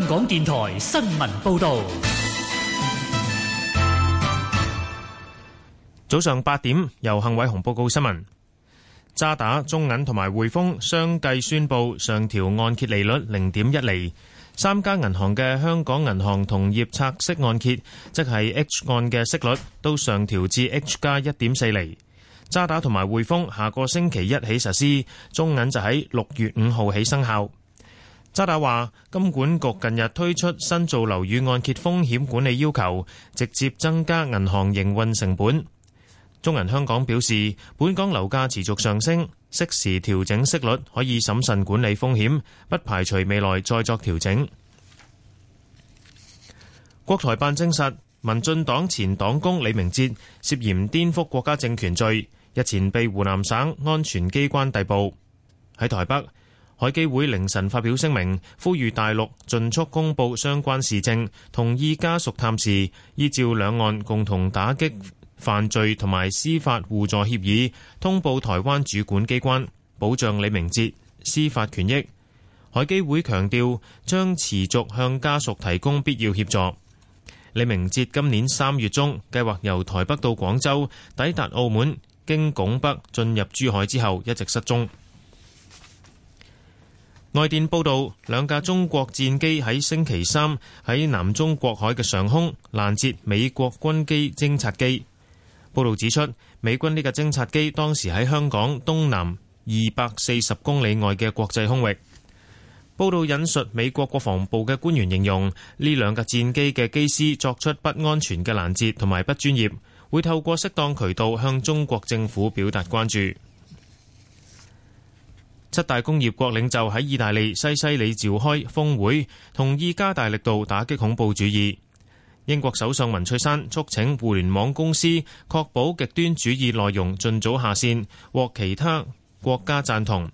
香港電台新聞報道，早上八點，由幸偉雄報告新聞。渣打、中銀同埋匯豐相繼宣布上調按揭利率零點一厘。三家銀行嘅香港銀行同業拆息按揭，即係 H 按嘅息率，都上調至 H 加一點四厘。渣打同埋匯豐下個星期一起實施，中銀就喺六月五號起生效。渣打話，金管局近日推出新造樓宇按揭風險管理要求，直接增加銀行營運成本。中銀香港表示，本港樓價持續上升，適時調整息率可以審慎管理風險，不排除未來再作調整。國台辦證實，民進黨前黨工李明哲涉嫌顛覆國家政權罪，日前被湖南省安全機關逮捕。喺台北。海基會凌晨發表聲明，呼籲大陸盡速公布相關事證，同意家屬探視，依照兩岸共同打擊犯罪同埋司法互助協議通報台灣主管機關，保障李明哲司法權益。海基會強調，將持續向家屬提供必要協助。李明哲今年三月中計劃由台北到廣州，抵達澳門，經拱北進入珠海之後，一直失蹤。外電報道，兩架中國戰機喺星期三喺南中國海嘅上空攔截美國軍機偵察機。報道指出，美軍呢架偵察機當時喺香港東南二百四十公里外嘅國際空域。報道引述美國國防部嘅官員形容，呢兩架戰機嘅機師作出不安全嘅攔截同埋不專業，會透過適當渠道向中國政府表達關注。七大工業國領袖喺意大利西西里召開峰會，同意加大力度打擊恐怖主義。英國首相文翠珊促請互聯網公司確保極端主義內容盡早下線，獲其他國家贊同。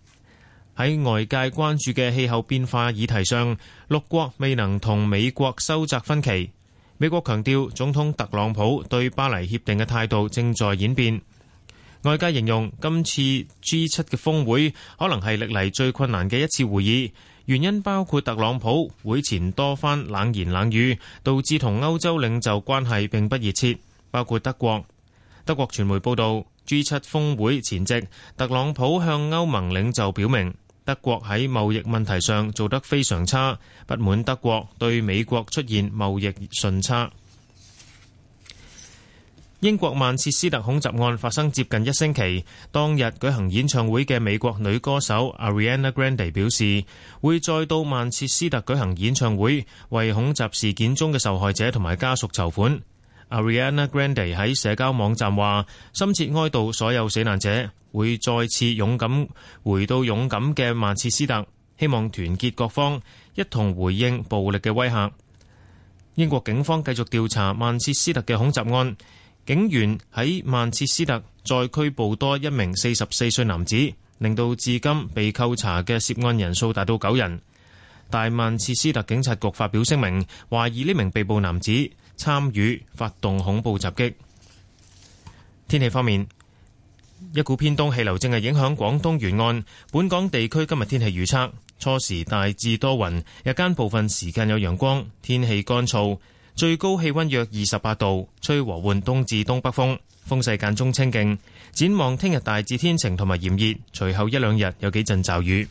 喺外界關注嘅氣候變化議題上，六國未能同美國收窄分歧。美國強調總統特朗普對巴黎協定嘅態度正在演變。外界形容今次 G 七嘅峰會可能係歷嚟最困難嘅一次會議，原因包括特朗普會前多番冷言冷語，導致同歐洲領袖關係並不熱切。包括德國，德國傳媒報道 G 七峰會前夕，特朗普向歐盟領袖表明德國喺貿易問題上做得非常差，不滿德國對美國出現貿易順差。英國曼切斯特恐襲案發生接近一星期，當日舉行演唱會嘅美國女歌手 Ariana Grande 表示會再到曼切斯特舉行演唱會，為恐襲事件中嘅受害者同埋家屬籌款。Ariana Grande 喺社交網站話深切哀悼所有死難者，會再次勇敢回到勇敢嘅曼切斯特，希望團結各方一同回應暴力嘅威嚇。英國警方繼續調查曼切斯特嘅恐襲案。警員喺曼切斯特再拘捕多一名四十四歲男子，令到至今被扣查嘅涉案人數達到九人。大曼切斯特警察局發表聲明，懷疑呢名被捕男子參與發動恐怖襲擊。天氣方面，一股偏東氣流正係影響廣東沿岸，本港地區今日天氣預測，初時大致多雲，日間部分時間有陽光，天氣乾燥。最高氣溫約二十八度，吹和緩東至東北風，風勢間中清勁。展望聽日大致天晴同埋炎熱，隨後一兩日有幾陣驟雨。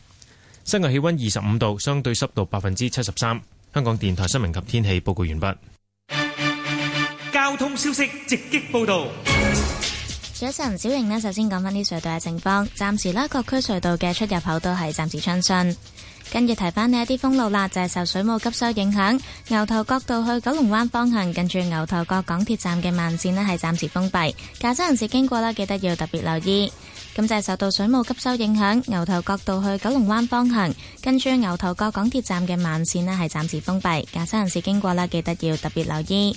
室外氣溫二十五度，相對濕度百分之七十三。香港電台新聞及天氣報告完畢。交通消息直擊報道。早晨，小瑩呢，首先講翻啲隧道嘅情況，暫時咧，各區隧道嘅出入口都係暫時暢順。跟住提翻呢一啲封路啦，就係、是、受水務吸收影響，牛頭角道去九龍灣方向，跟住牛頭角港鐵站嘅慢線呢係暫時封閉，駕車人士經過啦，記得要特別留意。咁就係受到水務吸收影響，牛頭角道去九龍灣方向，跟住牛頭角港鐵站嘅慢線呢係暫時封閉，駕車人士經過啦，記得要特別留意。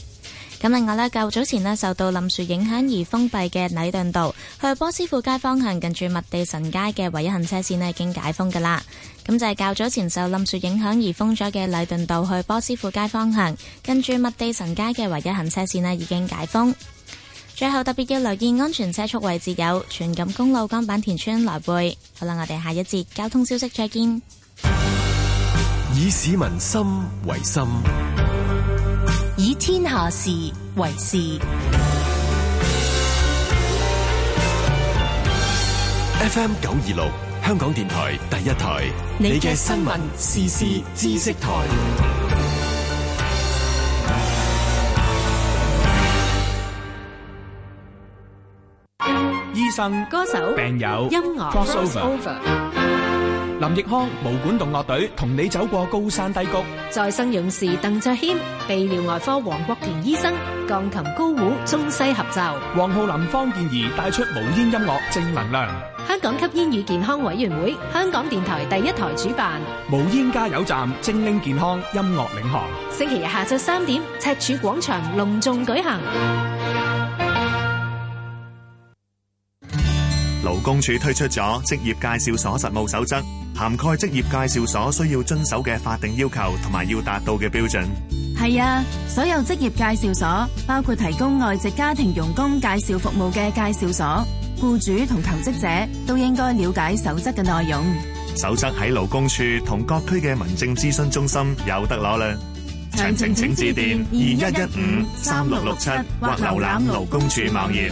咁另外咧，較早前咧受到冧樹影響而封閉嘅禮頓道去波斯富街方向，近住麥地臣街嘅唯一行車線咧已經解封噶啦。咁就係較早前受冧樹影響而封咗嘅禮頓道去波斯富街方向，近住麥地臣街嘅唯一行車線咧已經解封。最後特別要留意安全車速位置有全錦公路江板田村來回。好啦，我哋下一節交通消息再見。以市民心為心。下事為事，FM 九二六香港電台第一台，你嘅新聞、時事、知識台，醫生、歌手、病友、音樂。林奕康、無管動樂隊同你走過高山低谷；再生勇士鄧卓謙、泌尿外科黃國田醫生、鋼琴高胡中西合奏；黃浩林、方健儀帶出無煙音樂正能量。香港吸煙與健康委員會、香港電台第一台主辦無煙加油站，精靈健康音樂領航。星期日下晝三點，赤柱廣場隆重舉行。勞工處推出咗職業介紹所實務守則，涵蓋職業介紹所需要遵守嘅法定要求同埋要達到嘅標準。係啊，所有職業介紹所，包括提供外籍家庭傭工介紹服務嘅介紹所，僱主同求職者都應該了解守則嘅內容。守則喺勞工處同各區嘅民政諮詢中心有得攞，啦。詳情請致電二一一五三六六七，或瀏覽勞工處網頁。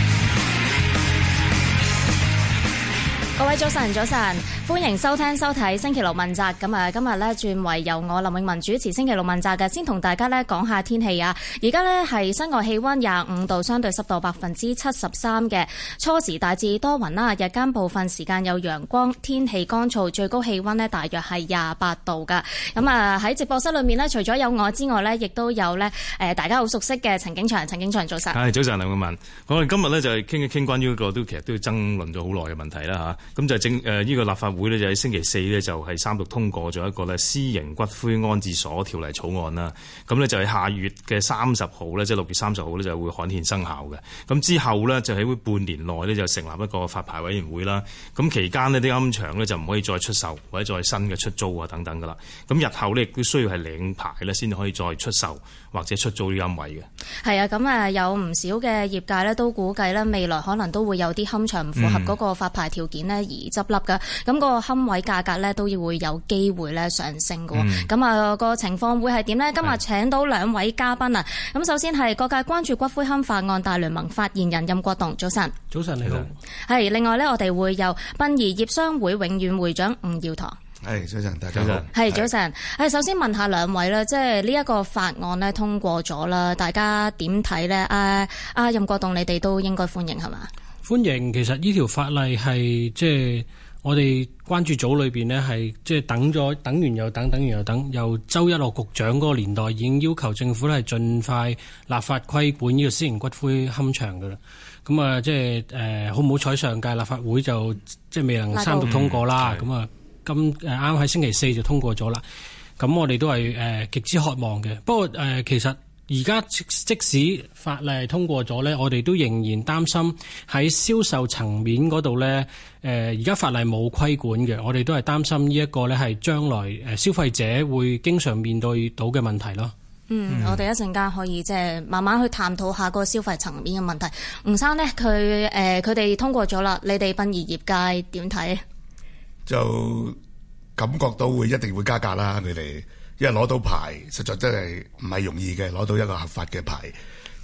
各位早晨，早晨，歡迎收聽收睇星期六問責。咁啊，今日咧轉為由我林永文主持星期六問責嘅。先同大家咧講下天氣啊。而家咧係室外氣溫廿五度，相對濕度百分之七十三嘅。初時大致多雲啦，日間部分時間有陽光，天氣乾燥，最高氣溫咧大約係廿八度噶。咁啊喺直播室裏面咧，除咗有我之外咧，亦都有咧誒大家好熟悉嘅陳景祥，陳景祥早晨。係早晨，林永文。我哋今日咧就係傾一傾關於、呢、一個都其實都要爭論咗好耐嘅問題啦吓。咁就正誒，依、呃這個立法會呢，就喺星期四呢，就係、是、三讀通過咗一個呢私營骨灰安置所條例草案啦。咁呢，就係、是、下月嘅三十號呢，即係六月三十號呢，就會刊憲生效嘅。咁之後呢，就喺半年內呢，就成立一個發牌委員會啦。咁期間呢，啲龕場呢，就唔可以再出售或者再新嘅出租啊等等噶啦。咁日後呢，亦都需要係領牌呢，先至可以再出售。或者出租啲龕位嘅，係啊。咁啊有唔少嘅業界咧都估計咧未來可能都會有啲龕場唔符合嗰個發牌條件咧而執笠嘅，咁嗰、嗯、個龕位價格咧都會有機會咧上升嘅，咁啊、嗯、個情況會係點呢？今日請到兩位嘉賓啊，咁的首先係各界關注骨灰龕法案大聯盟發言人任國棟，早晨。早晨你好。係的的，另外呢，我哋會有殯儀業商會永遠會長吳耀棠。係早、哎、晨，大家好。係早晨，誒、哎，首先問下兩位啦，即係呢一個法案呢，通過咗啦，大家點睇呢？阿、啊、阿、啊、任國棟，你哋都應該歡迎係嘛？歡迎，其實呢條法例係即係我哋關注組裏邊呢，係即係等咗，等完又等，等完又等，由周一嶽局長嗰個年代已經要求政府呢，係盡快立法規管呢個私人骨灰龕場噶啦。咁啊，即係誒、呃，好唔好彩上屆立法會就即係未能三讀通過啦，咁啊、嗯。咁誒啱喺星期四就通過咗啦，咁我哋都係誒極之渴望嘅。不過誒、呃、其實而家即使法例通過咗咧，我哋都仍然擔心喺銷售層面嗰度咧，誒而家法例冇規管嘅，我哋都係擔心呢一個咧係將來誒消費者會經常面對到嘅問題咯。嗯，嗯我哋一陣間可以即係慢慢去探討下個消費層面嘅問題。吳生呢，佢誒佢哋通過咗啦，你哋殯儀業，業界點睇？就感覺到會一定會加價啦，佢哋，因為攞到牌實在真係唔係容易嘅，攞到一個合法嘅牌。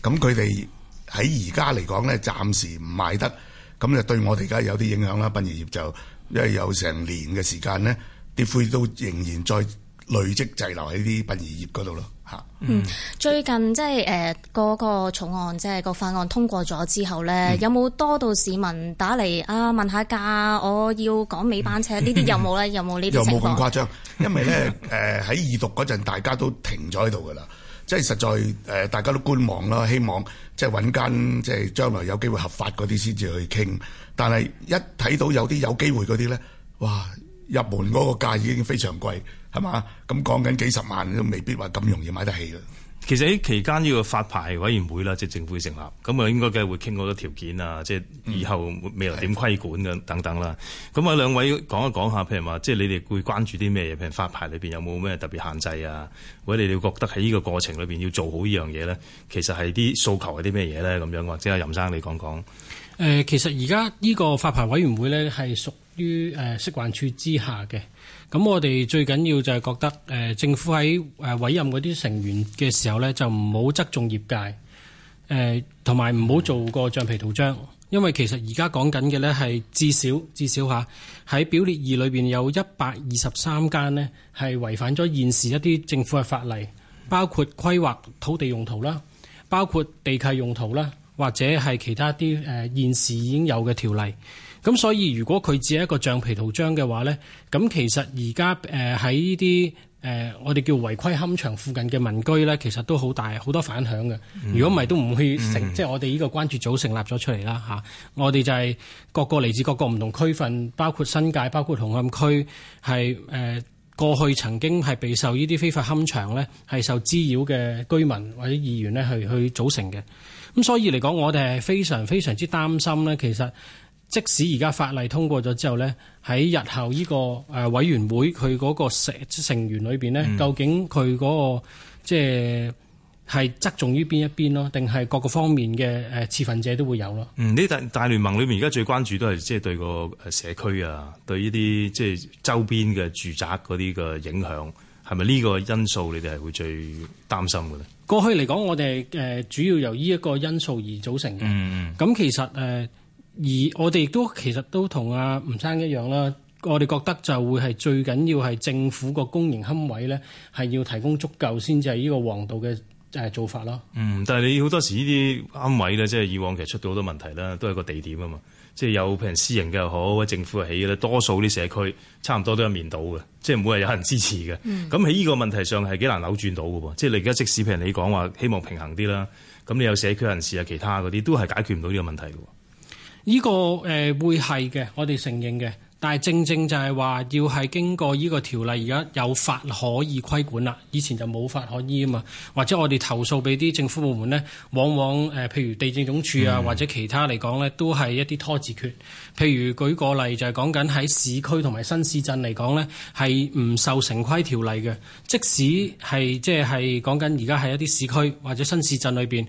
咁佢哋喺而家嚟講咧，暫時唔賣得，咁就對我哋而家有啲影響啦。殯儀業就因為有成年嘅時間咧，啲灰都仍然在累積滯留喺啲殯儀業嗰度咯。嗯，最近即係誒嗰個草案，即、那、係個法案通過咗之後咧，嗯、有冇多到市民打嚟啊問下價？我要趕尾班車，呢啲、嗯、有冇咧？ 有冇呢啲情況？又冇咁誇張，因為咧誒喺二讀嗰陣，大家都停咗喺度噶啦，即係實在誒、呃、大家都觀望啦，希望即係揾間即係將來有機會合法嗰啲先至去傾。但係一睇到有啲有機會嗰啲咧，哇！入門嗰個價已經非常貴，係嘛？咁講緊幾十萬都未必話咁容易買得起啦。其實喺期間呢個發牌委員會啦，即係政府成立，咁啊應該梗係會傾好多條件啊，嗯、即係以後未來點規管嘅等等啦。咁啊的，我兩位講一講下，譬如話，即係你哋會關注啲咩嘢？譬如發牌裏邊有冇咩特別限制啊？或者你哋覺得喺呢個過程裏邊要做好呢樣嘢咧，其實係啲訴求係啲咩嘢咧？咁樣或者阿任生你講講。誒、呃，其實而家呢個發牌委員會呢，係屬於誒食環署之下嘅。咁我哋最緊要就係覺得，誒、呃、政府喺誒委任嗰啲成員嘅時候呢，就唔好側重業界。誒、呃，同埋唔好做個橡皮圖章，因為其實而家講緊嘅呢，係至少至少吓喺表列二裏邊有一百二十三間呢，係違反咗現時一啲政府嘅法例，包括規劃土地用途啦，包括地契用途啦。或者係其他啲誒現時已經有嘅條例，咁所以如果佢只係一個橡皮圖章嘅話咧，咁其實而家誒喺呢啲誒我哋叫違規龕場附近嘅民居咧，其實都好大好多反響嘅。如果唔係都唔去成，成即係我哋呢個關注組成立咗出嚟啦嚇。我哋就係個個嚟自各個唔同區份，包括新界、包括紅磡區，係誒、呃、過去曾經係備受呢啲非法龕場咧係受滋擾嘅居民或者議員咧去去組成嘅。咁所以嚟講，我哋係非常非常之擔心咧。其實即使而家法例通過咗之後咧，喺日後呢個誒委員會佢嗰個成成員裏邊咧，究竟佢嗰個即係係側重於邊一邊咯，定係各個方面嘅誒持份者都會有咯？嗯，呢大大聯盟裏面而家最關注都係即係對個社區啊，對呢啲即係周邊嘅住宅嗰啲嘅影響，係咪呢個因素你哋係會最擔心嘅咧？過去嚟講，我哋誒主要由呢一個因素而組成嘅。咁、嗯、其實誒而我哋亦都其實都同阿吳生一樣啦。我哋覺得就會係最緊要係政府個公營龕位咧，係要提供足夠先至係呢個王道嘅誒做法咯。嗯，但係你好多時呢啲龕位咧，即係以往其實出到好多問題啦，都係個地點啊嘛。即係有譬如私營嘅又好，或者政府又起嘅啦，多數啲社區差唔多都一面倒嘅，即係唔會有人支持嘅。咁喺呢個問題上係幾難扭轉到嘅喎，即係你而家即使譬如你講話希望平衡啲啦，咁你有社區人士啊、其他嗰啲都係解決唔到呢個問題嘅。呢個誒會係嘅，我哋承認嘅。但係正正就係話要係經過依個條例，而家有法可以規管啦。以前就冇法可依啊嘛。或者我哋投訴俾啲政府部門呢，往往誒、呃、譬如地政總署啊，或者其他嚟講呢，都係一啲拖字訣。譬如舉個例，就係講緊喺市區同埋新市鎮嚟講呢，係唔受城規條例嘅。即使係即係講緊而家喺一啲市區或者新市鎮裏邊，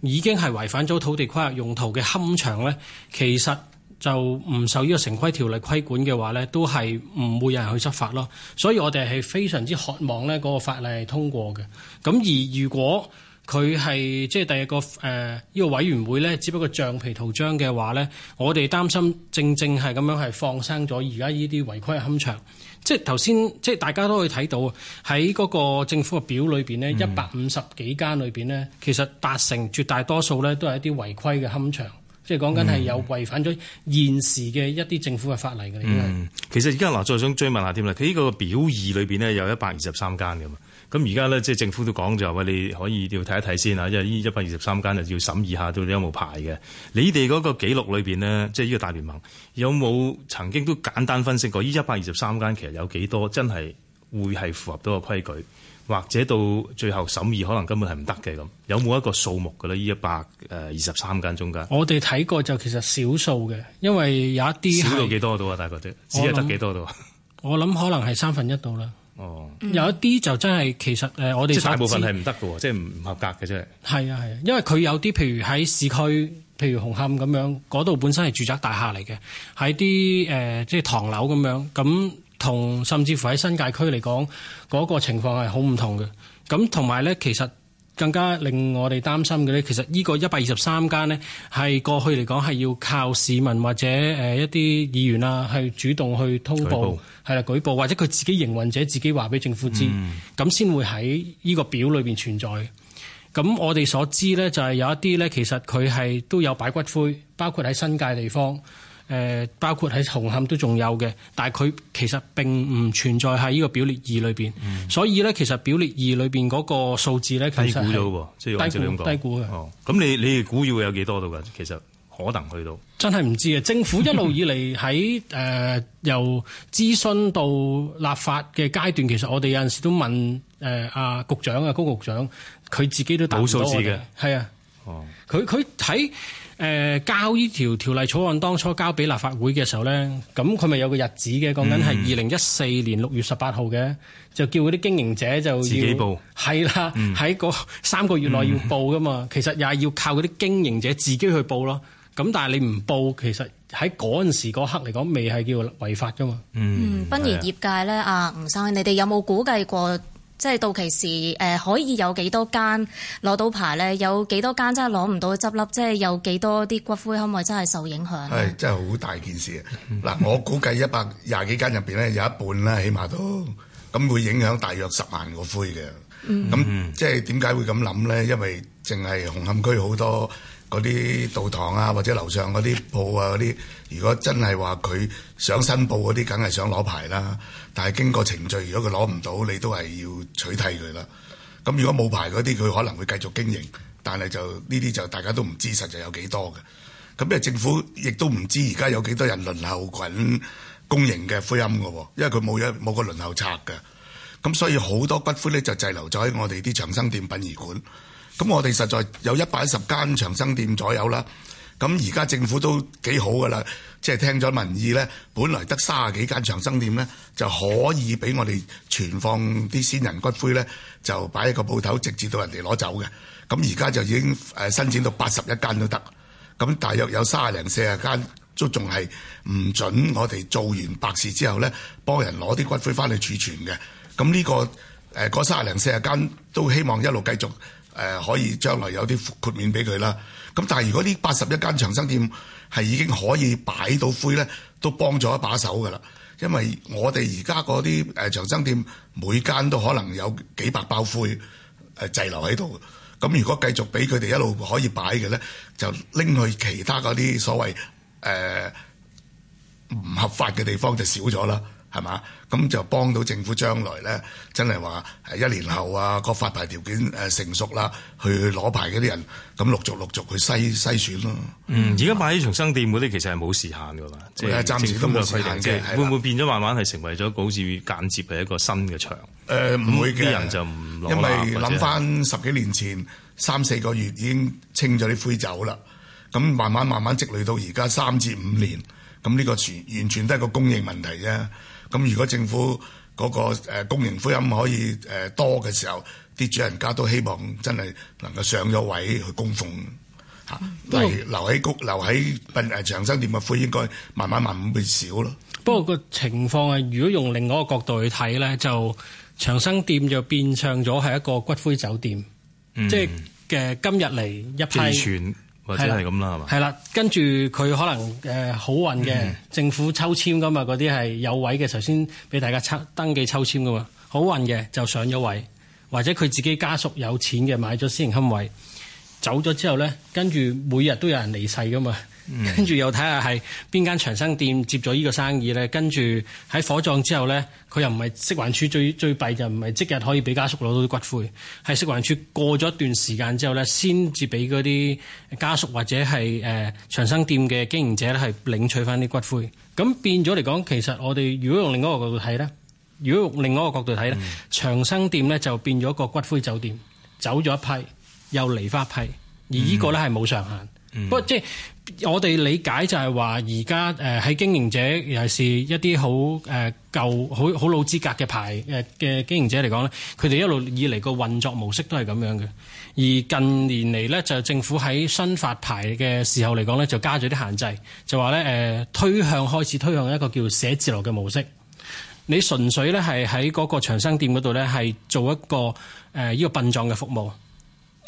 已經係違反咗土地規劃用途嘅龕場呢，其實。就唔受呢個城規條例規管嘅話咧，都係唔會有人去執法咯。所以我哋係非常之渴望咧，嗰個法例係通過嘅。咁而如果佢係即係第二個誒依、呃呢個委員會咧，只不過橡皮圖章嘅話咧，我哋擔心正正係咁樣係放生咗而家呢啲違規嘅龕場。即係頭先，即係大家都可以睇到喺嗰個政府嘅表裏邊呢一百五十幾間裏邊呢，嗯、其實八成絕大多數咧都係一啲違規嘅龕場。即係講緊係有違反咗現時嘅一啲政府嘅法例嘅，應、嗯是嗯、其實而家嗱，再想追問下添啦，佢呢個表二裏邊咧有一百二十三間嘅嘛，咁而家咧即係政府都講就話你可以要睇一睇先啊，因為呢一百二十三間就要審議下，到底有冇牌嘅。你哋嗰個記錄裏邊咧，即係呢個大聯盟有冇曾經都簡單分析過呢一百二十三間其實有幾多真係會係符合到個規矩？或者到最後審議可能根本係唔得嘅咁，有冇一個數目㗎喇？呢一百誒二十三間中間，我哋睇過就其實少數嘅，因為有一啲少到幾多度啊？大概啫，想只係得幾多度。啊？我諗可能係三分一度啦。哦，有一啲就真係其實誒，我哋即係大部分係唔得嘅喎，即係唔合格嘅啫。係啊係啊，因為佢有啲譬如喺市區，譬如紅磡咁樣，嗰度本身係住宅大廈嚟嘅，喺啲誒即係唐樓咁樣咁。同甚至乎喺新界區嚟講，嗰個情況係好唔同嘅。咁同埋咧，其實更加令我哋擔心嘅咧，其實呢個一百二十三間咧，係過去嚟講，係要靠市民或者誒一啲議員啊，去主動去通報，係啦舉報，舉報或者佢自己營運者自己話俾政府知，咁先、嗯、會喺呢個表裏邊存在。咁我哋所知咧，就係、是、有一啲咧，其實佢係都有擺骨灰，包括喺新界地方。誒包括喺紅磡都仲有嘅，但係佢其實並唔存在喺呢個表列二裏邊，嗯、所以咧其實表列二裏邊嗰個數字咧，其實低估咗喎，即係按照咁低估嘅。估哦，咁你你哋估要會有幾多到㗎？其實可能去到。真係唔知啊！政府一路以嚟喺誒由諮詢到立法嘅階段， 其實我哋有陣時都問誒阿、呃啊、局長啊、高局長，佢自己都大冇數字嘅。係啊。哦。佢佢喺。誒、呃、交呢條條例草案當初交俾立法會嘅時候咧，咁佢咪有個日子嘅，講緊係二零一四年六月十八號嘅，就叫嗰啲經營者就自己報係啦，喺嗰、嗯、三個月內要報噶嘛。其實又係要靠嗰啲經營者自己去報咯。咁但係你唔報，其實喺嗰陣時嗰刻嚟講，未係叫違法噶嘛。嗯，不然的業界咧，阿、啊、吳生，你哋有冇估計過？即係到期時，誒、呃、可以有幾多間攞到牌咧？有幾多間真係攞唔到執笠？即係有幾多啲骨灰可唔可以真係受影響？係真係好大件事啊！嗱， 我估計一百廿幾間入邊咧，有一半咧，起碼都咁會影響大約十萬個灰嘅。咁 即係點解會咁諗咧？因為淨係紅磡區好多。嗰啲道堂啊，或者樓上嗰啲鋪啊，嗰啲如果真係話佢想申報嗰啲，梗係想攞牌啦。但係經過程序，如果佢攞唔到，你都係要取締佢啦。咁如果冇牌嗰啲，佢可能會繼續經營，但係就呢啲就大家都唔知實在有幾多嘅。咁因為政府亦都唔知而家有幾多人輪候滾公營嘅灰龕嘅喎，因為佢冇嘢冇個輪候冊嘅。咁所以好多骨灰咧就滯留咗喺我哋啲長生店、殯儀館。咁我哋實在有一百一十間長生店左右啦。咁而家政府都幾好噶啦，即係聽咗民意咧。本來得三十幾間長生店咧，就可以俾我哋存放啲先人骨灰咧，就擺喺個鋪頭，直至到人哋攞走嘅。咁而家就已經誒申請到八十一間都得。咁大約有三十零四十間都仲係唔準我哋做完白事之後咧，幫人攞啲骨灰翻嚟儲存嘅。咁呢、呢個誒嗰三十零四十間都希望一路繼續。誒可以將來有啲豁免俾佢啦。咁但係如果呢八十一間長生店係已經可以擺到灰咧，都幫咗一把手噶啦。因為我哋而家嗰啲誒長生店每間都可能有幾百包灰誒、呃、滯留喺度。咁如果繼續俾佢哋一路可以擺嘅咧，就拎去其他嗰啲所謂誒、呃、唔合法嘅地方就少咗啦。係嘛？咁就幫到政府將來咧，真係話誒一年後啊，個發牌條件誒成熟啦，去攞牌嗰啲人，咁陸續陸續去篩篩選咯。嗯，而家擺喺重生店嗰啲其實係冇時限㗎嘛，係嘛？即係、嗯、暫時都冇時限嘅。會唔會變咗慢慢係成為咗好似間接係一個新嘅場？誒唔、呃、會嘅，人就唔攞，因為諗返十幾年前三四個月已經清咗啲灰走啦，咁慢慢慢慢積累到而家三至五年，咁呢個全完全都係個供應問題啫。咁如果政府嗰個誒公營灰龕可以誒多嘅時候，啲主人家都希望真係能夠上咗位去供奉嚇，嚟留喺谷留喺誒長生店嘅灰應該慢慢慢慢會少咯。不過個情況係，如果用另外一個角度去睇咧，就長生店就變相咗係一個骨灰酒店，即係嘅今日嚟一派。或者係咁啦，係嘛？係啦，跟住佢可能誒好運嘅， 政府抽籤噶嘛，嗰啲係有位嘅，首先俾大家抽登記抽籤噶嘛。好運嘅就上咗位，或者佢自己家屬有錢嘅買咗私營龕位，走咗之後咧，跟住每日都有人離世噶嘛。跟住、嗯、又睇下係邊間長生店接咗依個生意咧，跟住喺火葬之後咧，佢又唔係食環署最最弊就唔係即日可以俾家屬攞到啲骨灰，係食環署過咗一段時間之後咧，先至俾嗰啲家屬或者係誒、呃、長生店嘅經營者咧係領取翻啲骨灰。咁變咗嚟講，其實我哋如果用另一個角度睇咧，如果用另一個角度睇咧，嗯、長生店咧就變咗個骨灰酒店走咗一批，又嚟翻一批，而依個咧係冇上限。不過、嗯、即係。我哋理解就係話而家誒喺經營者尤其是一啲好誒舊好好老資格嘅牌誒嘅經營者嚟講咧，佢哋一路以嚟個運作模式都係咁樣嘅。而近年嚟咧就政府喺新發牌嘅時候嚟講咧，就加咗啲限制，就話咧誒推向，開始推向一個叫寫字樓嘅模式。你純粹咧係喺嗰個長生店嗰度咧係做一個誒呢、呃、個殯葬嘅服務。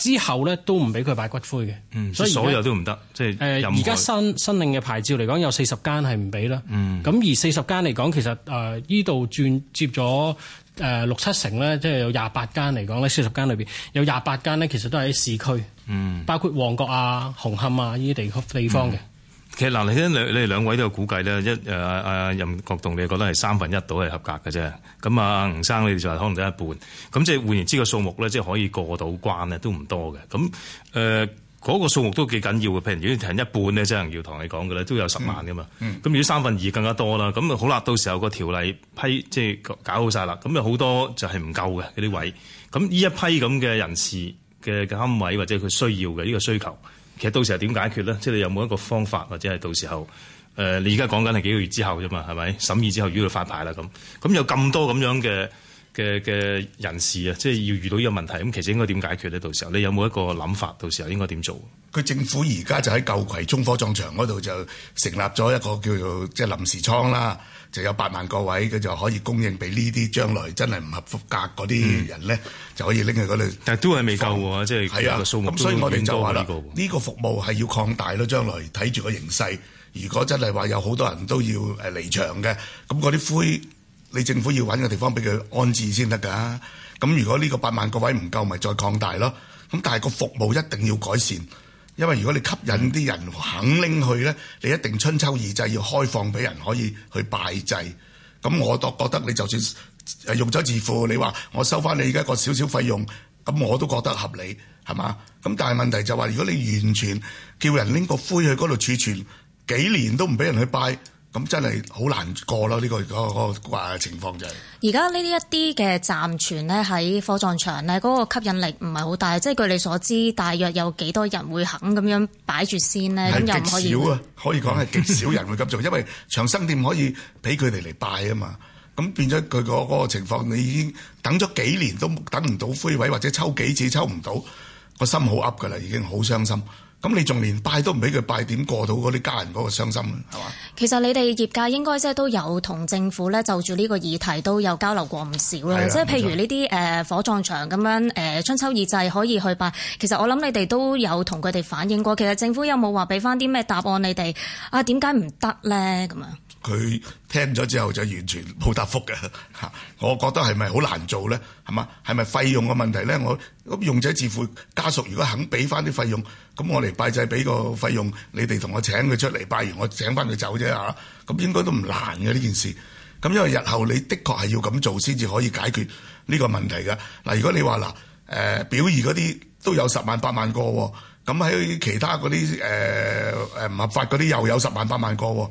之後咧都唔俾佢擺骨灰嘅，嗯、所以所有都唔得，即、就、係、是。誒而家新新領嘅牌照嚟講，有四十間係唔俾啦。咁、嗯、而四十間嚟講，其實誒依度轉接咗誒六七成咧，即係有廿八間嚟講咧，四十間裏邊有廿八間咧，其實都係喺市區，嗯、包括旺角啊、紅磡啊呢啲地地方嘅。嗯嗯其實嗱，你啲你你哋兩位都有估計咧，一誒阿、啊啊、任國棟，你覺得係三分一到係合格嘅啫。咁啊，吳生你哋就話可能得一半。咁即係換言之，個數目咧，即係可以過到關咧，都唔多嘅。咁誒，嗰、呃嗰個數目都幾緊要嘅。譬如如果停一半咧，即係要同你講嘅咧，都有十萬嘅嘛。咁、嗯嗯、如果三分二更加多啦，咁啊好啦，到時候個條例批即係搞好晒啦，咁又好多就係唔夠嘅嗰啲位。咁呢一批咁嘅人士嘅龕位或者佢需要嘅呢、呢個需求。其實到時候點解決咧？即係你有冇一個方法，或者係到時候誒、呃，你而家講緊係幾個月之後啫嘛，係咪審議之後如果佢發牌啦咁？咁有咁多咁樣嘅嘅嘅人士啊，即係要遇到呢個問題，咁其實應該點解決咧？到時候你有冇一個諗法？到時候應該點做？佢政府而家就喺舊葵涌火葬場嗰度就成立咗一個叫做即係臨時倉啦。就有八萬個位，佢就可以供應俾呢啲將來真係唔合符格嗰啲人咧，就可以拎去嗰度。但係都係未夠喎，即係個數目都唔夠。咁所以我哋就話啦，呢個服務係要擴大咯。將來睇住個形勢，如果真係話有好多人都要誒離場嘅，咁嗰啲灰，你政府要搵個地方俾佢安置先得㗎。咁如果呢個八萬個位唔夠，咪再擴大咯。咁但係個服務一定要改善。因為如果你吸引啲人肯拎去咧，你一定春秋二祭要開放俾人可以去拜祭。咁我都覺得你就算用咗自付，你話我收翻你而家個少少費用，咁我都覺得合理，係嘛？咁但係問題就話，如果你完全叫人拎個灰去嗰度儲存幾年都唔俾人去拜。咁真係好難過咯！呢個嗰個情況就係而家呢啲一啲嘅暫存咧，喺火葬場咧，嗰個吸引力唔係好大。即係據你所知，大約有幾多人會肯咁樣擺住先咧？咁是樣又唔可以。極少啊，可以講係極少人會咁做， 因為長生店可以俾佢哋嚟拜啊嘛。咁變咗佢個個情況，你已經等咗幾年都等唔到灰位，或者抽幾次抽唔到，個心好噏噶啦，已經好傷心。咁你仲連拜都唔俾佢拜，點過到嗰啲家人嗰個傷心咧？係嘛？其實你哋業界應該即係都有同政府咧就住呢個議題都有交流過唔少啦。的即係譬如呢啲誒火葬場咁樣誒春秋二祭可以去拜，其實我諗你哋都有同佢哋反映過。其實政府有冇話俾翻啲咩答案你哋啊？點解唔得咧？咁樣？佢聽咗之後就完全冇答覆嘅嚇， 我覺得係咪好難做咧？係嘛？係咪費用嘅問題咧？我咁用者自負，家屬如果肯俾翻啲費用，咁我嚟拜祭俾個費用，你哋同我請佢出嚟，拜完我請翻佢走啫嚇。咁、啊、應該都唔難嘅呢件事。咁因為日後你的確係要咁做先至可以解決呢個問題㗎。嗱，如果你話嗱誒表義嗰啲都有十萬八萬個，咁喺其他嗰啲誒誒唔合法嗰啲又有十萬八萬個。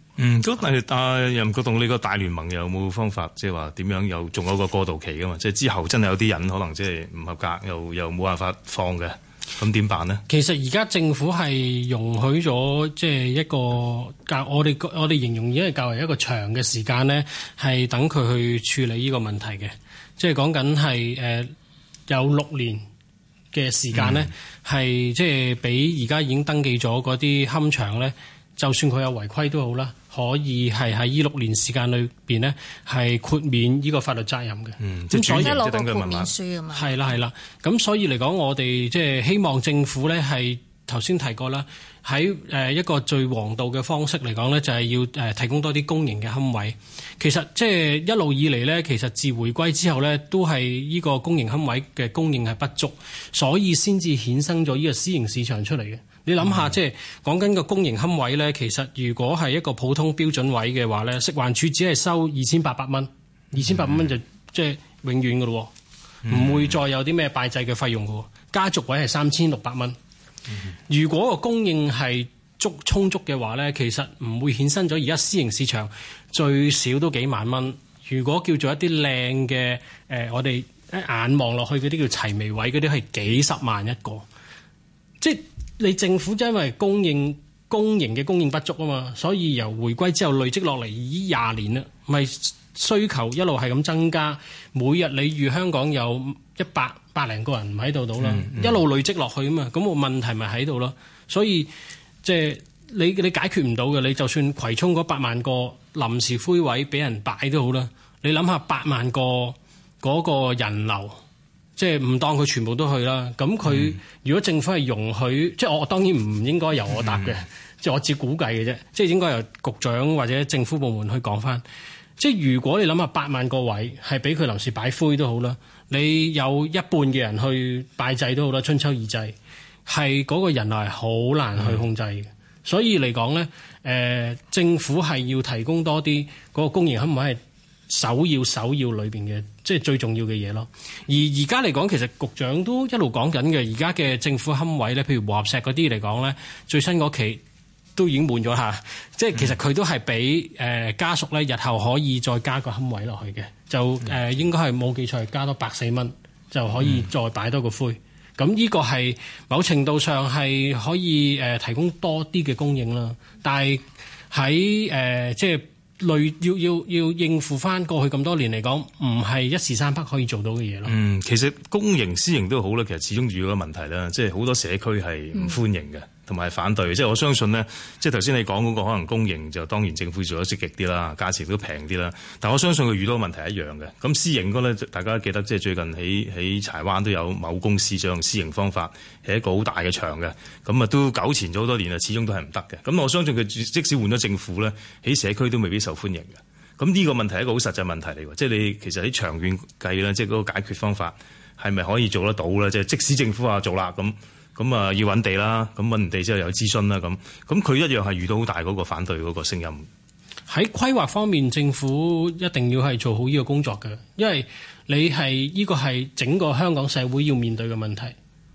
嗯，咁但係但任國棟你個大聯盟有冇方法，即係話點樣又仲有，有一個過渡期嘅嘛？即係之後真係有啲人可能即係唔合格，又又冇辦法放嘅，咁點辦呢？其實而家政府係容許咗，即係一個較我哋我哋形容已經係較為一個長嘅時間呢，係等佢去處理呢個問題嘅。即係講緊係誒有六年嘅時間呢，係即係俾而家已經登記咗嗰啲龕場咧，就算佢有違規都好啦。可以係喺呢六年時間裏邊呢，係豁免呢個法律責任嘅。嗯，即係主營即係等佢問嘛。係啦係啦，咁所以嚟講，我哋即係希望政府呢，係頭先提過啦，喺誒一個最黃道嘅方式嚟講呢，就係、是、要誒提供多啲公營嘅龕位。其實即係、就是、一路以嚟呢，其實自回歸之後呢，都係呢個公營龕位嘅供應係不足，所以先至衍生咗呢個私營市場出嚟嘅。你諗下，即係講緊個公營龕位咧，其實如果係一個普通標準位嘅話咧，食環署只係收二千八百蚊，二千八百蚊就即係永遠噶咯，唔、嗯、會再有啲咩拜祭嘅費用噶。家族位係三千六百蚊。嗯、哼如果個供應係足充足嘅話咧，其實唔會衍生咗而家私營市場最少都幾萬蚊。如果叫做一啲靚嘅，誒、呃，我哋一眼望落去嗰啲叫齊眉位，嗰啲係幾十萬一個，即係。你政府就因為供應供應嘅供應不足啊嘛，所以由回歸之後累積落嚟已廿年啦，咪需求一路係咁增加，每日你預香港有一百百零個人喺度到啦，嗯嗯、一路累積落去啊嘛，咁個問題咪喺度咯，所以即係、就是、你你解決唔到嘅，你就算葵涌嗰八萬個臨時灰位俾人擺都好啦，你諗下八萬個嗰個人流。即係唔當佢全部都去啦。咁佢如果政府係容許，即係我當然唔應該由我答嘅，即係、嗯、我只估計嘅啫。即係應該由局長或者政府部門去講翻。即係如果你諗下八萬個位係俾佢臨時擺灰都好啦，你有一半嘅人去拜祭都好啦。春秋二祭係嗰個人流好難去控制，嘅、嗯。所以嚟講咧，誒、呃、政府係要提供多啲嗰、那個公營，可唔可以首要首要裏邊嘅？即係最重要嘅嘢咯，而而家嚟講，其實局長都一路講緊嘅，而家嘅政府龕位咧，譬如和合石嗰啲嚟講咧，最新嗰期都已經滿咗下。即係其實佢都係俾誒家屬咧，日後可以再加個龕位落去嘅，就誒應該係冇記錯，加多百四蚊就可以再擺多個灰，咁呢個係某程度上係可以誒提供多啲嘅供應啦，但係喺誒即係。累，要要要應付翻過去咁多年嚟講，唔係一時三刻可以做到嘅嘢咯。嗯，其實公營私營都好啦，其實始終遇到個問題啦，即係好多社區係唔歡迎嘅。嗯同埋反對，即係我相信呢，即係頭先你講嗰個可能公營就當然政府做得積極啲啦，價錢都平啲啦。但我相信佢遇到問題一樣嘅。咁私營嗰個呢，大家記得，即係最近喺喺柴灣都有某公司將私營方法係一個好大嘅場嘅。咁啊都糾纏咗好多年啊，始終都係唔得嘅。咁我相信佢即使換咗政府呢，喺社區都未必受歡迎嘅。咁呢個問題係一個好實際問題嚟㗎，即係你其實喺長遠計呢，即係嗰個解決方法係咪可以做得到呢？即係即使政府啊做啦咁。咁啊，要揾地啦。咁揾地之後有諮詢啦。咁咁佢一樣係遇到好大嗰個反對嗰個聲音。喺規劃方面，政府一定要係做好呢個工作嘅，因為你係呢個係整個香港社會要面對嘅問題。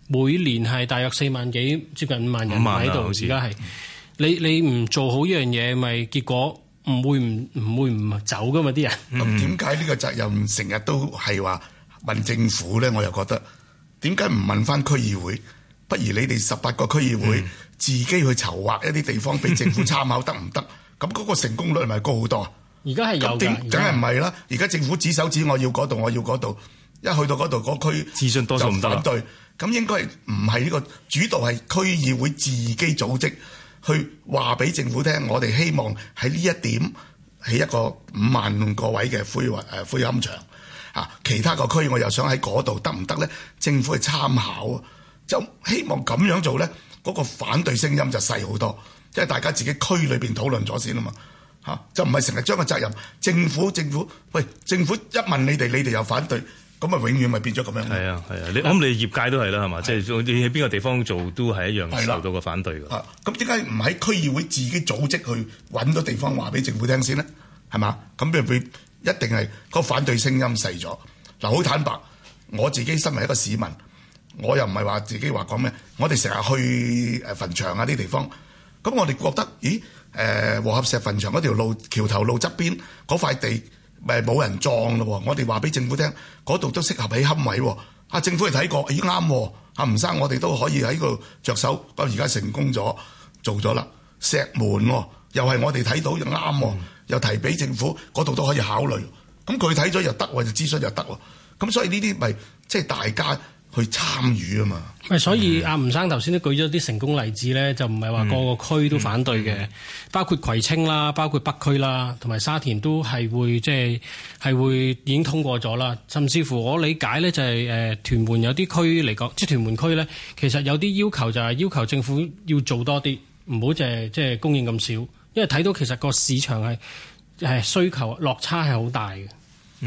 每年係大約四萬幾，接近五萬人喺度。而家係你你唔做好呢樣嘢，咪結果唔會唔唔會唔走噶嘛？啲人咁點解呢個責任成日都係話問政府咧？我又覺得點解唔問翻區議會？不如你哋十八個區議會自己去籌劃一啲地方俾、嗯、政府參考，得唔得？咁嗰個成功率係咪高好多啊？而家係有㗎，梗係唔係啦？而家政府指手指我要嗰度，我要嗰度，一去到嗰度嗰區諮詢多數唔得啦。咁應該唔係呢個主導係區議會自己組織去話俾政府聽？我哋希望喺呢一點起一個五萬個位嘅灰雲誒灰龕場啊！其他個區我又想喺嗰度得唔得咧？政府去參考。就希望咁樣做咧，嗰、那個反對聲音就細好多，即係大家自己區裏邊討論咗先啦嘛嚇、啊，就唔係成日將個責任政府政府，喂政府一問你哋，你哋又反對，咁啊永遠咪變咗咁樣。係啊係啊，你我、嗯、你業界都係啦，係嘛？即係、啊、你喺邊個地方做都係一樣受到個反對㗎。啊，咁點解唔喺區議會自己組織去揾到地方話俾政府聽先咧？係嘛？咁咪會一定係個反對聲音細咗。嗱，好坦白，我自己身為一個市民。我又唔係話自己話講咩，我哋成日去誒墳場啊啲地方，咁我哋覺得咦誒和合石墳場嗰條路橋頭路側邊嗰塊地咪冇人葬咯。我哋話俾政府聽，嗰度都適合起龕位喎。啊，政府係睇過，咦啱喎。啊，吳生，我哋都可以喺度着手，咁而家成功咗做咗啦。石門又係我哋睇到又啱喎，又提俾政府嗰度都可以考慮。咁佢睇咗又得喎，諮詢又得喎。咁所以呢啲咪即係大家去參與啊嘛，咪所以阿吳生頭先都舉咗啲成功例子咧，嗯、就唔係話個個區都反對嘅，嗯嗯、包括葵青啦，包括北區啦，同埋沙田都係會即係係會已經通過咗啦。甚至乎我理解咧、就係，就係誒屯門有啲區嚟講，即係屯門區咧，其實有啲要求就係要求政府要做多啲，唔好淨係即係供應咁少，因為睇到其實個市場係係需求落差係好大嘅。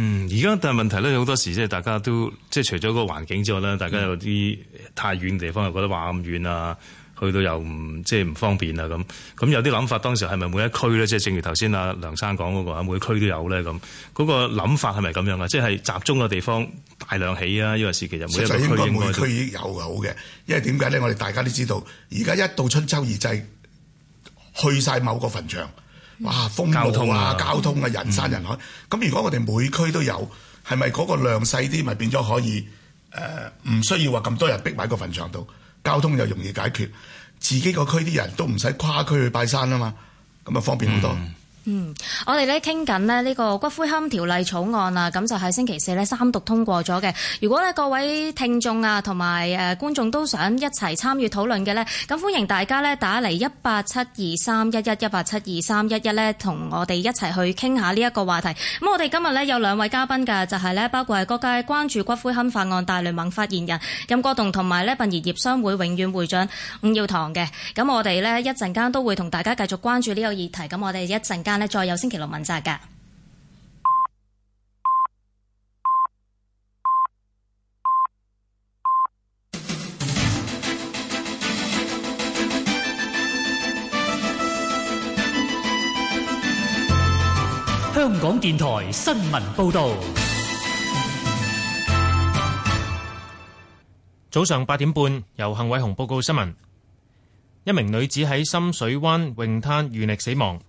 嗯，而家但係問題咧，好多時即係大家都即係除咗個環境之外咧，大家有啲太遠嘅地方又覺得話咁遠啊，去到又唔即係唔方便啊咁。咁有啲諗法，當時係咪每一區咧，即係正如頭先阿梁生講嗰個，每一區都有咧咁。嗰個諗法係咪咁樣啊？即係集中嘅地方大量起啊，呢個時期就每一個區,一區有好嘅，因為點解咧？我哋大家都知道，而家一到春秋二祭，去晒某個墳場。哇，風路啊，交通啊，交通啊人山人海。咁、嗯、如果我哋每區都有，係咪嗰個量細啲，咪變咗可以誒？唔、呃、需要話咁多人逼埋個墳場度，交通又容易解決，自己個區啲人都唔使跨區去拜山啊嘛，咁啊方便好多。嗯嗯，我哋咧傾緊咧呢個骨灰龕條例草案啊，咁就係星期四咧三讀通過咗嘅。如果咧各位聽眾啊同埋誒觀眾都想一齊參與討論嘅呢，咁歡迎大家咧打嚟一八七二三一一一八七二三一一呢，同我哋一齊去傾下呢一個話題。咁我哋今日呢，有兩位嘉賓嘅，就係、是、咧包括係各界關注骨灰龕法案大聯盟發言人任國棟同埋呢殯儀業商會永遠會長吳耀棠嘅。咁我哋呢，一陣間都會同大家繼續關注呢個議題。咁我哋一陣間呢再有星期六問責噶。香港電台新聞報道，早上八點半由幸偉雄報告新聞。一名女子喺深水灣泳灘遇溺死亡。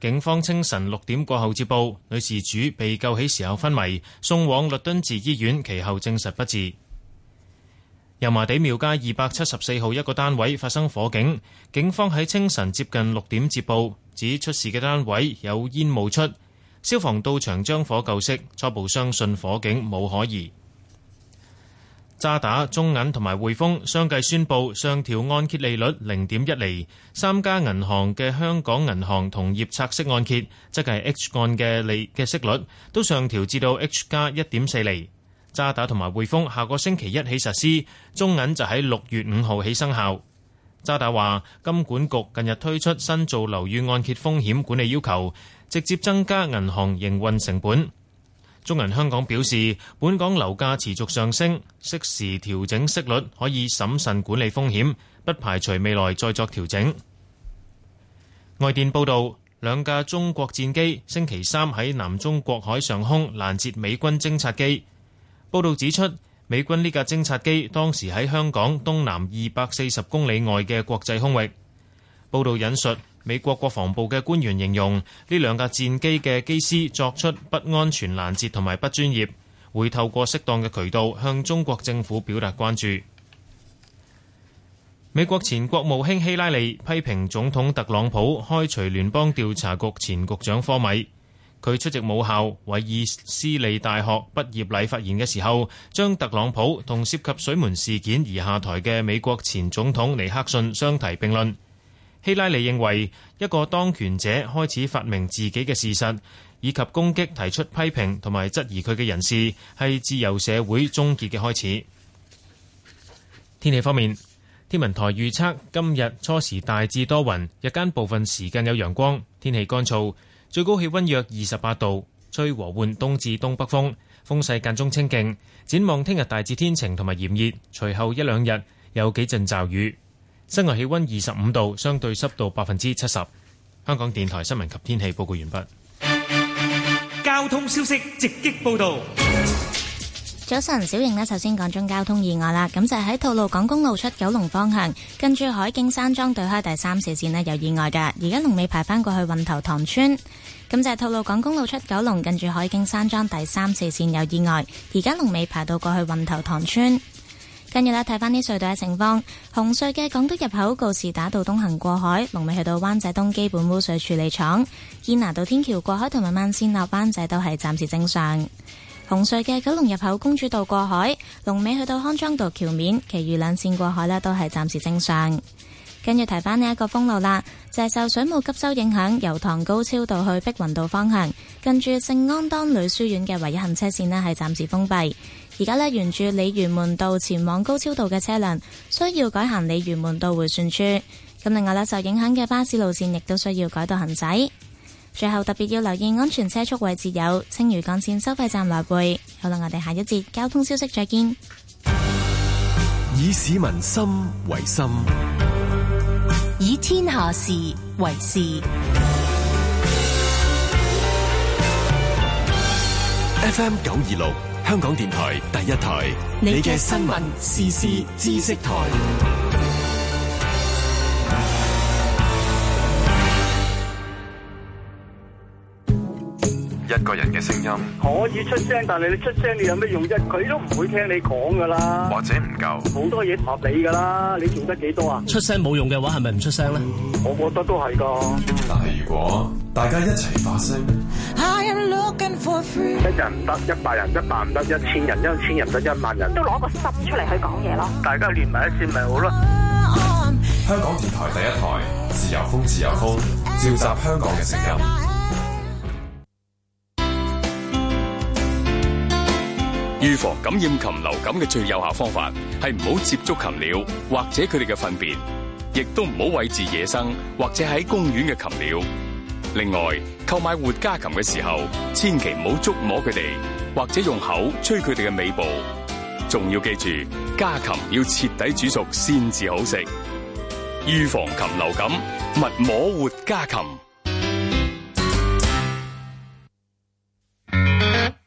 警方清晨六點過後接報，女事主被救起時候昏迷，送往律敦治醫院，其後證實不治。油麻地廟街二百七十四號一個單位發生火警，警方喺清晨接近六點接報，指出事嘅單位有煙冒出，消防到場將火救熄，初步相信火警冇可疑。渣打、中銀同埋匯豐相繼宣布上調按揭利率零點一厘。三家銀行嘅香港銀行同業拆息按揭，即係 H 按嘅利息率，都上調至到 H 加一點四厘。渣打同埋匯豐下個星期一起實施，中銀就喺六月五號起生效。渣打話，金管局近日推出新造樓宇按揭風險管理要求，直接增加銀行營運成本。中銀香港表示，本港樓價持續上升，適時調整息率可以審慎管理風險，不排除未來再作調整。外電報導，兩架中國戰機星期三喺南中國海上空攔截美軍偵察機。報導指出，美軍呢架偵察機當時喺香港東南二百四十公里外嘅國際空域。報導引述，美國國防部嘅官員形容呢兩架戰機嘅機師作出不安全攔截同埋不專業，會透過適當嘅渠道向中國政府表達關注。美國前國務卿希拉里批評總統特朗普開除聯邦調查局前局長科米。佢出席母校韋爾斯利大學畢業禮發言嘅時候，將特朗普同涉及水門事件而下台嘅美國前總統尼克遜相提並論。希拉里認為，一個當權者開始發明自己嘅事實，以及攻擊提出批評同埋質疑佢嘅人士，係自由社會終結嘅開始。天氣方面，天文台預測今日初時大致多雲，日間部分時間有陽光，天氣乾燥，最高氣温約二十八度，吹和緩東至東北風，風勢間中清勁。展望聽日大致天晴同埋炎熱，隨後一兩日有幾陣驟雨。室外氣溫二十五度，相對濕度百分之七十。香港電台新聞及天氣報告完畢。交通消息直擊報道。早晨，小瑩咧，首先講中交通意外啦。咁就喺吐露港公路出九龍方向，跟住海景山莊對開第三四線咧，有意外嘅。而家龍尾排翻過去運頭塘村。咁就係吐露港公路出九龍，跟住海景山莊第三四線有意外，而家龍尾排到過去運頭塘村。跟住咧睇翻啲隧道嘅情況，紅隧嘅港島入口告士打道東行過海，龍尾去到灣仔東基本污水處理廠；堅拿道天橋過海同埋慢線落灣仔都係暫時正常。紅隧嘅九龍入口公主道過海，龍尾去到康莊道橋面，其餘兩線過海咧都係暫時正常。跟住提翻呢一個封路啦，就係、是、受水務急收影響，由唐高超道去碧雲道方向，近住聖安當女書院嘅唯一行車線咧係暫時封閉。而家咧，沿住鯉魚門道前往高超道嘅車輛需要改行鯉魚門道回旋處。咁另外咧，受影響嘅巴士路線亦都需要改道行駛。最後特別要留意安全車速位置有青嶼幹線收費站來回。好啦，我哋下一節交通消息再見。以市民心為心，以天下事為事。時為時 FM 九二六。香港電台第一台，你嘅的 新聞時事知識台。一個人嘅聲音可以出聲，但係你出聲你有咩用啫？佢都唔會聽你講噶啦。或者唔夠，好多嘢唔合理噶啦。你做得幾多啊？出聲冇用嘅話，係咪唔出聲咧？我覺得都係個。但係如果大家一齊發聲，一人唔得一百人，一百唔得一千人，一千人得一萬人，人人都攞個心出嚟去講嘢咯。大家連埋一線咪好咯？Uh, I 香港電台第一台，自由風自由風，召集香港嘅聲音。預防感染禽流感嘅最有效方法係唔好接觸禽鳥，或者佢哋嘅糞便，亦都唔好餵飼野生或者喺公園嘅禽鳥。另外，購買活家禽嘅時候，千祈唔好觸摸佢哋，或者用口吹佢哋嘅尾部。仲要記住，家禽要徹底煮熟先至好食。預防禽流感，勿摸活家禽。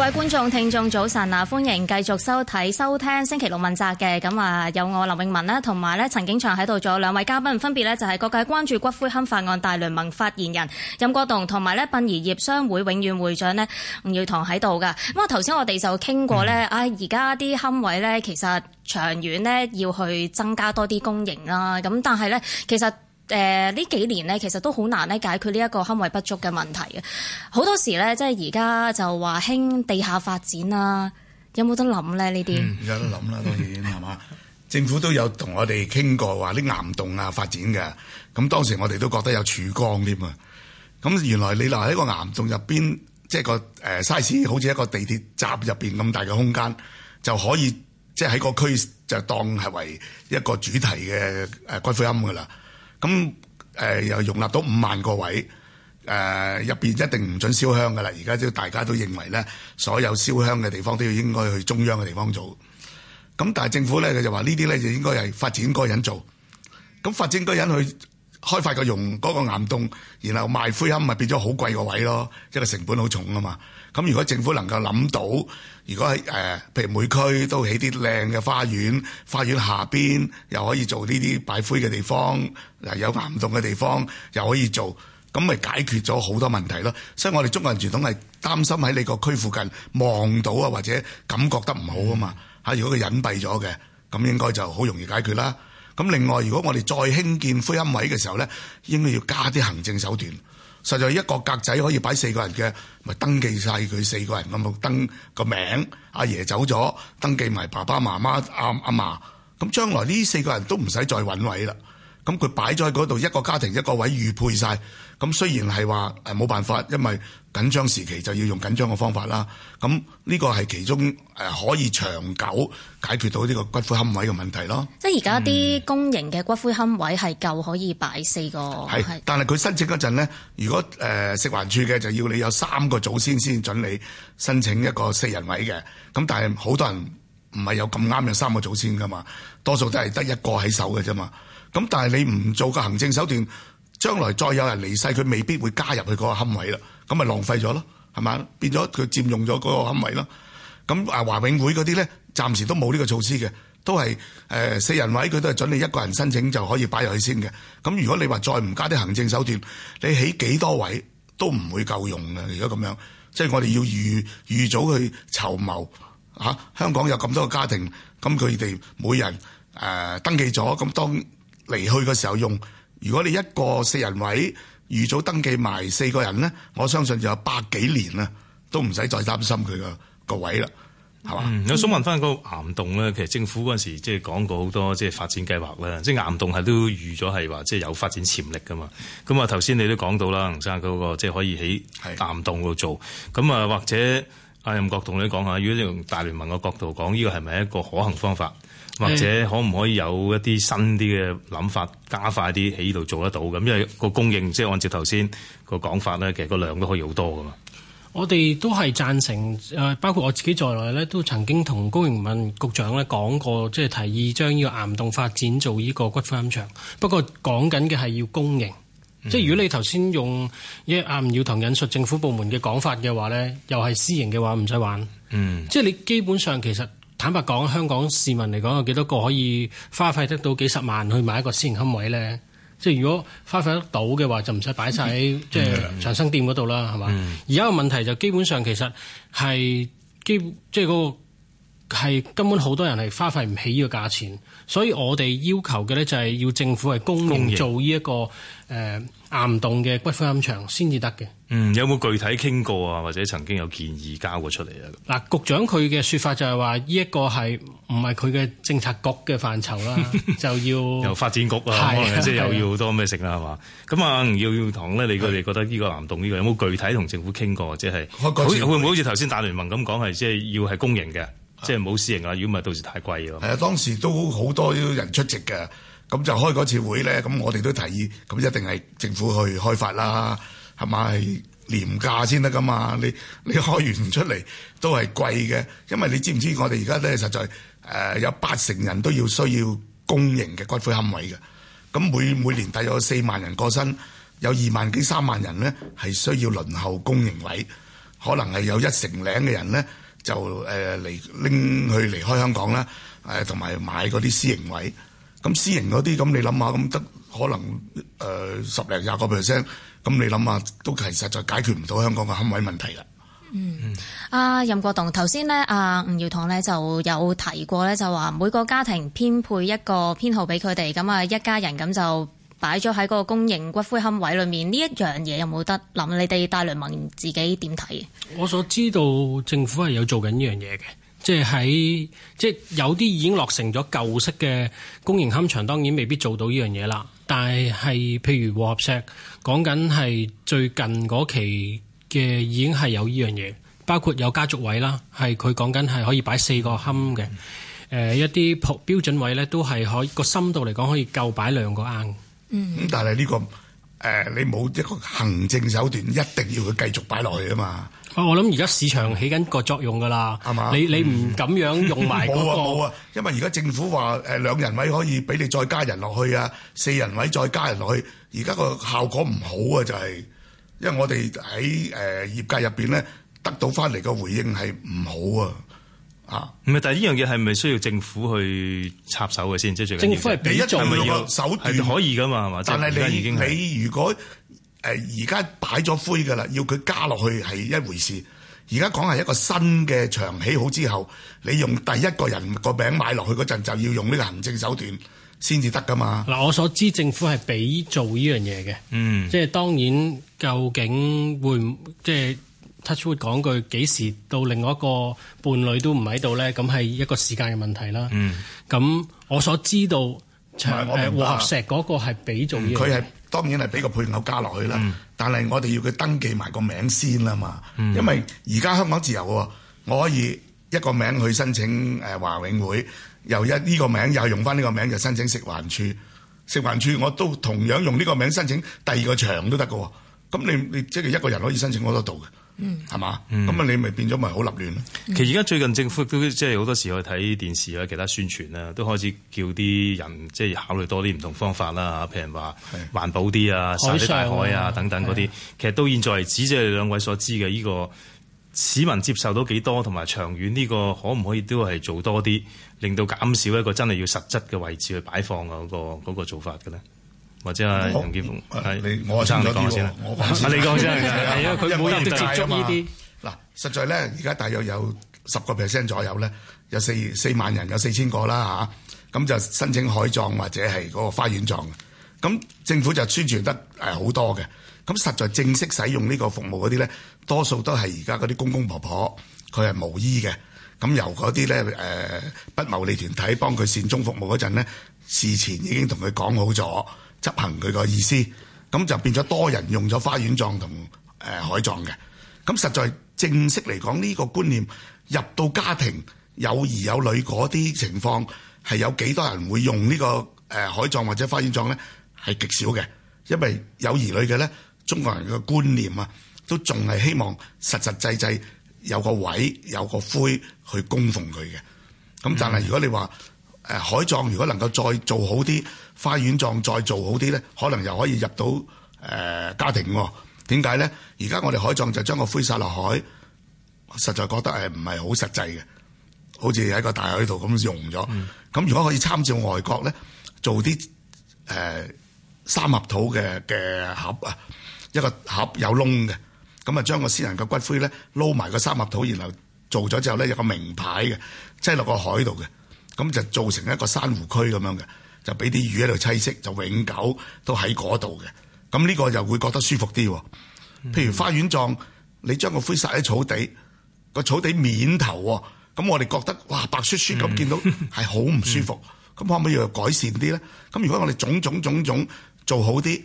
各位觀眾、聽眾，早晨啊！歡迎繼續收睇、收聽《星期六問責》嘅。咁啊，有我林永文啦，同埋咧陳景祥喺度做。兩位嘉賓，分別咧就係各界關注骨灰龕法案大聯盟發言人任國棟，同埋咧殯儀業商會永遠會長呢吳耀棠喺度噶。咁、嗯、啊，頭先我哋就傾過咧，啊，而家啲龕位咧，其實長遠呢要去增加多啲公營啦。咁但係咧，其實。誒呢、呃、幾年咧，其實都好難咧解決呢一個龕位不足嘅問題嘅。好多時咧，即係而家就話興地下發展啦，有冇得諗咧？呢啲有得諗啦，當然係嘛？ 政府都有同我哋傾過，話啲岩洞啊發展嘅。咁當時我哋都覺得有曙光添啊。咁原來你留喺個岩洞入邊，即、就、係、是、個誒 size 好似一個地鐵閘入邊咁大嘅空間，就可以即係喺個區就當係為一個主題嘅誒骨灰龕㗎啦。咁誒、呃、又容納到五萬個位，誒、呃、入邊一定唔准燒香噶啦！而家即大家都認為咧，所有燒香嘅地方都要應該去中央嘅地方做。咁但係政府咧，佢就話呢啲咧就應該係發展個人做。咁發展個人去開發個用嗰、那個岩洞，然後賣灰龕咪變咗好貴個位咯，因為成本好重啊嘛。咁如果政府能夠諗到，如果係誒、呃、譬如每區都起啲靚嘅花園，花園下邊又可以做呢啲擺灰嘅地方，嗱有岩洞嘅地方又可以做，咁咪解決咗好多問題咯。所以我哋中國人傳統係擔心喺你個區附近望到啊，或者感覺得唔好啊嘛。吓，如果佢隱蔽咗嘅，咁應該就好容易解決啦。咁另外，如果我哋再興建灰龕位嘅時候咧，應該要加啲行政手段。實在一個格仔可以擺四個人嘅，咪登記晒佢四個人，咁樣登個名。阿爺，爺走咗，登記埋爸爸媽媽、阿阿嫲。咁、啊、將來呢四個人都唔使再揾位啦。咁佢擺咗喺嗰度，一個家庭一個位預配晒。咁雖然係話誒冇辦法，因為緊張時期就要用緊張嘅方法啦。咁呢個係其中誒可以長久解決到呢個骨灰龕位嘅問題咯。即係而家啲公營嘅骨灰龕位係夠可以擺四個，係。但係佢申請嗰陣咧，如果誒、呃、食環署嘅就要你有三個祖先先準你申請一個四人位嘅。咁但係好多人唔係有咁啱有三個祖先㗎嘛，多數都係得一個喺手嘅啫嘛。咁但係你唔做個行政手段，將來再有人離世，佢未必會加入佢嗰個龕位啦。咁咪浪費咗咯，係嘛？變咗佢佔用咗嗰個龕位咯。咁啊，華永會嗰啲咧，暫時都冇呢個措施嘅，都係誒四人位，佢都係準你一個人申請就可以擺入去先嘅。咁如果你話再唔加啲行政手段，你起幾多位都唔會夠用嘅。如果咁樣，即係我哋要預預早去籌謀吓。香港有咁多個家庭，咁佢哋每人誒登記咗，咁當，離去嘅時候用，如果你一個四人位預早登記埋四個人咧，我相信就有百幾年啦，都唔使再擔心佢個個位啦，係嘛？我、嗯、想問翻個岩洞咧，其實政府嗰陣時即係講過好多即係發展計劃啦，即係巖洞係都預咗係話即係有發展潛力噶嘛。咁啊頭先你都講到啦，吳生嗰個即係可以喺岩洞嗰度做。咁啊是或者阿任國棟同你講下，如果你用大聯盟嘅角度講，呢個係咪一個可行方法？或者可唔可以有一啲新啲嘅諗法，加快啲喺呢度做得到咁？因為個供應，即係按照頭先個講法咧，其實個量都可以好多噶嘛。我哋都係贊成，誒，包括我自己在內咧，都曾經同高永文局長咧講過，即係提議將呢個岩洞發展做呢個骨灰龕場。不過講緊嘅係要公營，嗯、即係如果你頭先用阿吳耀棠引述政府部門嘅講法嘅話咧，又係私營嘅話，唔使玩。嗯，即係你基本上其實。坦白講，香港市民嚟講有幾多個可以花費得到幾十萬去買一個私人龕位咧？即係如果花費得到嘅話，就唔使擺晒喺即係長生店嗰度啦，係嘛？而家個問題就是，基本上其實係基即係嗰、嗰個係根本好多人係花費唔起呢個價錢，所以我哋要求嘅咧就係要政府係供應做呢、這、一個誒。呃岩洞嘅骨灰龕場先至得嘅。嗯，有冇具體傾過啊？或者曾經有建議交過出嚟啊？嗱，局長佢嘅說法就係話，呢一個係唔係佢嘅政策局嘅範疇啦，就要由發展局啊，即係又要好多咩食啦，係嘛？咁啊，要要同咧，你佢哋覺得呢個岩洞呢個有冇具體同政府傾過？即係會會唔會好似頭先大聯盟咁講，係即係要係公營嘅，即係冇私營啊？如果唔係，到時太貴咯。係啊，當時都好多人出席嘅。咁就開嗰次會咧，咁我哋都提議，咁一定係政府去開發啦，係咪廉價先得㗎嘛？你你開完出嚟都係貴嘅，因為你知唔知我哋而家咧實在誒有八成人都要需要公營嘅骨灰坑位嘅，咁每每年大約四萬人過身，有二萬幾三萬人咧係需要輪候公營位，可能係有一成零嘅人咧就誒嚟拎去離開香港啦，誒同埋買嗰啲私營位。咁私營嗰啲咁，你諗下，咁得可能誒、呃、十零廿個 percent，咁你諗下都其實就解決唔到香港嘅龕位問題啦。嗯，阿、啊、任國棟，頭先呢，阿、啊、吳耀棠呢就有提過呢，就話每個家庭編配一個編號俾佢哋，咁啊一家人咁就擺咗喺嗰個公營骨灰龕位裏面。呢一樣嘢有冇得諗？你哋大聯盟自己點睇？我所知道，政府係有做緊呢樣嘢嘅。即係喺即係有啲已經落成咗舊式嘅公營龕場，當然未必做到呢樣嘢啦。但係譬如 w a 和合石講緊係最近嗰期嘅已經係有呢樣嘢，包括有家族位啦，係佢講緊係可以擺四個龕嘅。誒、嗯呃、一啲普標準位咧都係可以個深度嚟講可以夠擺兩個甕，嗯，但係呢、呢個。誒、呃，你冇一個行政手段，一定要佢繼續擺落去啊嘛！啊我諗而家市場起緊個作用㗎啦係嘛，你你唔咁樣用埋、嗰、冇、個、 啊冇啊！因為而家政府話誒、呃、兩人位可以俾你再加人落去啊，四人位再加人落去。而家個效果唔好啊，就係、是、因為我哋喺誒業界入邊咧得到翻嚟個回應係唔好啊。啊，唔係，但係呢樣嘢係咪需要政府去插手嘅先？即係最緊要政府係俾一啲手段係咪以可以㗎嘛？但係你已經你如果誒而家擺咗灰㗎啦，要佢加落去係一回事。而家講係一個新嘅牆起好之後，你用第一個人個名買落去嗰陣就要用呢個行政手段先至得㗎嘛？嗱，我所知政府係俾做呢樣嘢嘅，嗯，即係當然究竟會唔即係？touchwood 講句幾時到另外一個伴侶都唔喺度咧，咁係一個時間嘅問題啦。咁、嗯嗯、我所知道長誒和合石嗰個係俾做、這個，佢係當然係俾個配偶加落去啦。嗯、但係我哋要佢登記埋個名先啦嘛，嗯、因為而家香港自由嘅，我可以一個名去申請誒華永會，由一呢個名又用翻呢個名就申請食環署，食環署我都同樣用呢個名申請第二個場都得嘅。咁你你即係一個人可以申請好多度嘅。嗯，係嘛，咁啊，你咪變咗咪好立亂咯。其實而家最近政府都即係好多時去睇電視啊，其他宣傳啊，都開始叫啲人即係考慮多啲唔同方法啦，譬如話環保啲啊，撒啲大海啊等等嗰啲。其實都現在只即係兩位所知嘅呢個市民接受到幾多，同埋長遠呢個可唔可以都係做多啲，令到減少一個真係要實質嘅位置去擺放啊嗰個做法嘅咧。或者我知啊，楊你，我啊爭你講先。我唔知啊，你講先係啊。佢冇人接觸依啲嗱，實在咧，而家大約有十個 percent 左右咧，有四四萬人，有四千個啦吓，咁、啊、就申請海葬或者係嗰個花園葬嘅。咁政府就宣傳得誒好多嘅。咁實在正式使用呢個服務嗰啲咧，多數都係而家嗰啲公公婆婆，佢係無依嘅。咁由嗰啲咧誒不牟利團體幫佢善終服務嗰陣咧，事前已經同佢講好咗。執行佢個意思，咁就變咗多人用咗花園葬同誒海葬嘅。咁實在正式嚟講，呢個觀念入到家庭、有兒有女嗰啲情況，係有幾多人會用呢個誒海葬或者花園葬咧？係極少嘅，因為有兒女嘅咧，中國人嘅觀念啊，都仲係希望實實際際有個位有個灰去供奉佢嘅。咁但係如果你話誒海葬，如果能夠再做好啲。花園葬再做好啲咧，可能又可以入到誒、呃、家庭喎、啊？點解咧？而家我哋海葬就將個灰撒落海，實在覺得誒唔係好實際嘅，好似喺個大海度咁溶咗。咁、嗯、如果可以參照外國咧，做啲誒、呃、三合土嘅嘅盒啊，一個盒有窿嘅，咁啊將個先人嘅骨灰咧撈埋個三合土，然後做咗之後咧有個名牌嘅，即擠落個海度嘅，咁就做成一個珊瑚區咁樣嘅。就俾啲魚喺度棲息，就永久都喺嗰度嘅。咁呢個就會覺得舒服啲。譬如花園葬，你將個灰撒喺草地，個草地面頭喎。咁我哋覺得哇，白雪雪咁，見到係好唔舒服。咁可唔可以改善啲咧？咁如果我哋種種種種做好啲，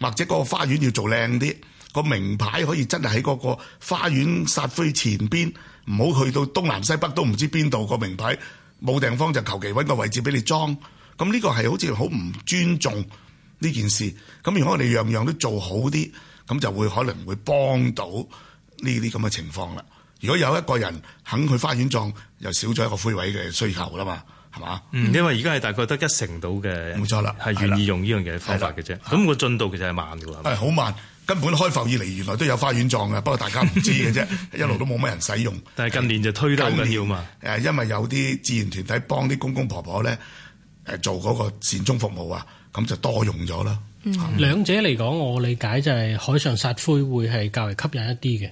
或者個花園要做靚啲，個名牌可以真係喺嗰個花園撒灰前邊，唔好去到東南西北都唔知邊度個名牌冇地方就求其揾個位置俾你裝。咁呢個係好似好唔尊重呢件事。咁如果我哋樣樣都做好啲，咁就會可能會幫到呢啲咁嘅情況啦。如果有一個人肯去花園葬，又少咗一個灰位嘅需求啦嘛，係嘛？因為而家係大概得一成到嘅，冇錯啦，係願意用呢樣嘢方法嘅啫。咁個進度其實係慢㗎嘛，係好慢，根本開埠以嚟原來都有花園葬嘅，不過大家唔知嘅啫，一路都冇乜人使用。但係近年就推得緊要嘛，誒，因為有啲自然團體幫啲公公婆婆咧。誒做嗰個善終服務啊，咁就多用咗啦。兩者嚟講，我理解就係海上撒灰會係較為吸引一啲嘅。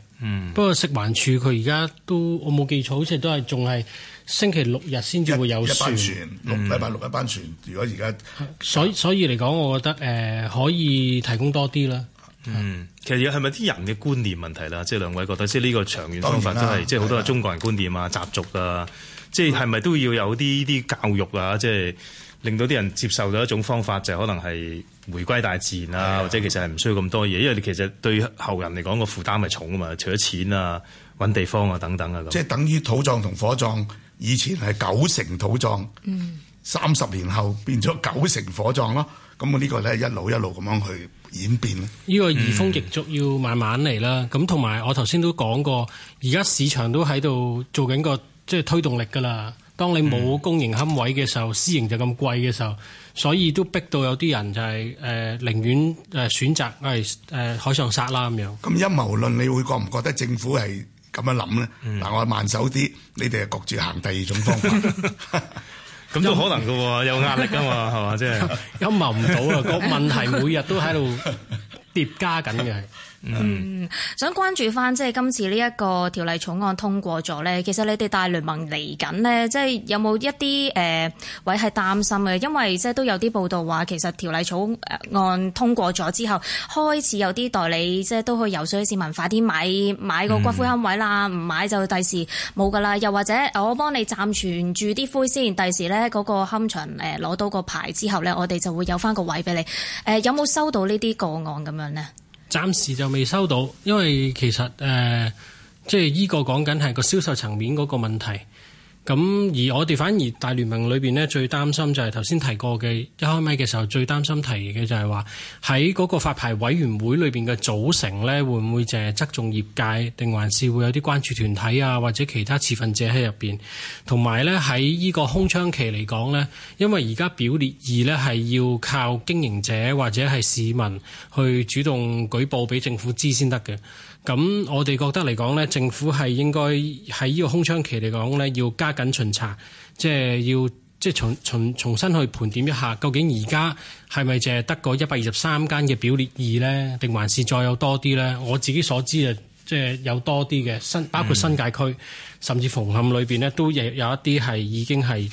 不過食環署佢而家都我冇記錯，好似都係仲係星期六日先至會有船。一班船，六禮拜六一班船。如果而家，所以所以嚟講，我覺得誒可以提供多啲啦。嗯，其實係咪啲人嘅觀念問題啦？即係兩位覺得，即係呢個長遠方法真係，即係好多中國人觀念啊、習俗啊，即係係咪都要有啲啲教育啊？即係。令到啲人接受到一種方法，就係、可能係回歸大自然啊，或者其實係唔需要咁多嘢，因為你其實對後人嚟講個負擔係重啊嘛，除咗錢啊、揾地方啊等等啊，即係等於土葬同火葬，以前係九成土葬，三十、嗯、年後變咗九成火葬咯。咁我呢個咧一路一路咁樣去演變，呢個移風易俗要慢慢嚟啦。咁同埋我頭先都講過，而家市場都喺度做緊個即係推動力㗎啦。當你冇公營龕位嘅時候，私營就咁貴嘅時候，所以都逼到有啲人就係誒寧願誒選擇誒海上殺啦咁樣。咁陰謀論，你會覺唔覺得政府係咁樣諗咧？嗱，我慢手啲，你哋係焗住行第二種方法，咁都可能㗎，有壓力㗎嘛，係嘛，即係陰謀唔到啦。個問題每日都喺度疊加緊嘅。嗯，想關注翻即係今次呢一個條例草案通過咗咧，其實你哋大聯盟嚟緊呢，即係有冇一啲誒、呃、位係擔心嘅？因為即係都有啲報道話，其實條例草案通過咗之後，開始有啲代理即係都去游說市民快啲買買個骨灰龕位啦，唔買就第時冇噶啦。又或者我幫你暫存住啲灰先，第時咧嗰個龕場攞到個牌之後咧，我哋就會有翻個位俾你。誒、呃、有冇收到呢啲個案咁樣呢？暫時就未收到，因為其實誒即係依個講緊係個銷售層面個問題。咁而我哋反而大聯盟裏邊呢，最擔心就係頭先提過嘅，一開麥嘅時候最擔心提嘅就係話喺嗰個發牌委員會裏邊嘅組成呢，會唔會就係側重業界，定還是會有啲關注團體啊或者其他持份者喺入邊？同埋呢，喺呢個空窗期嚟講呢，因為而家表列二呢，係要靠經營者或者係市民去主動舉報俾政府知先得嘅。咁我哋覺得嚟講呢，政府係應該喺呢個空窗期嚟講呢，要加緊巡查，即係要即係重重重新去盤點一下，究竟而家係咪淨係得個一百二十三間嘅表列二呢？定還是再有多啲呢？我自己所知啊，即係有多啲嘅新包括新界區，嗯、甚至縫陷裏邊呢，都亦有一啲係已經係誒。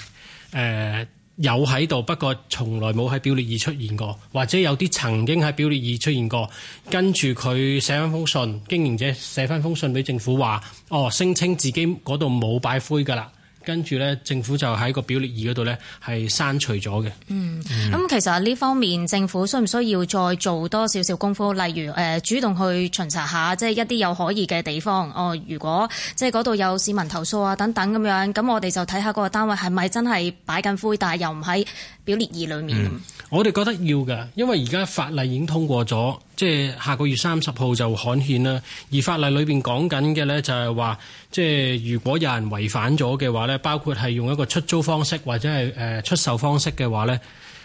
呃有喺度，不過從來冇喺表列二出現過，或者有啲曾經喺表列二出現過，跟住佢寫返封信，經營者寫返封信俾政府話，哦，聲稱自己嗰度冇擺灰㗎啦。跟住呢，政府就喺個表列二嗰度呢，係刪除咗嘅。嗯，咁、嗯、其實呢方面政府需唔需要再做多少少功夫？例如誒、呃，主動去巡查下，即係一啲有可疑嘅地方。哦，如果即係嗰度有市民投訴啊，等等咁樣，咁我哋就睇下個單位係咪真係擺緊灰，但係又唔喺表列二裏面。嗯。我哋覺得要㗎，因為而家法例已經通過咗，即係下個月三十號就刊憲啦。而法例裏邊講緊嘅咧，就係話，即係如果有人違反咗嘅話咧，包括係用一個出租方式或者係誒出售方式嘅話咧，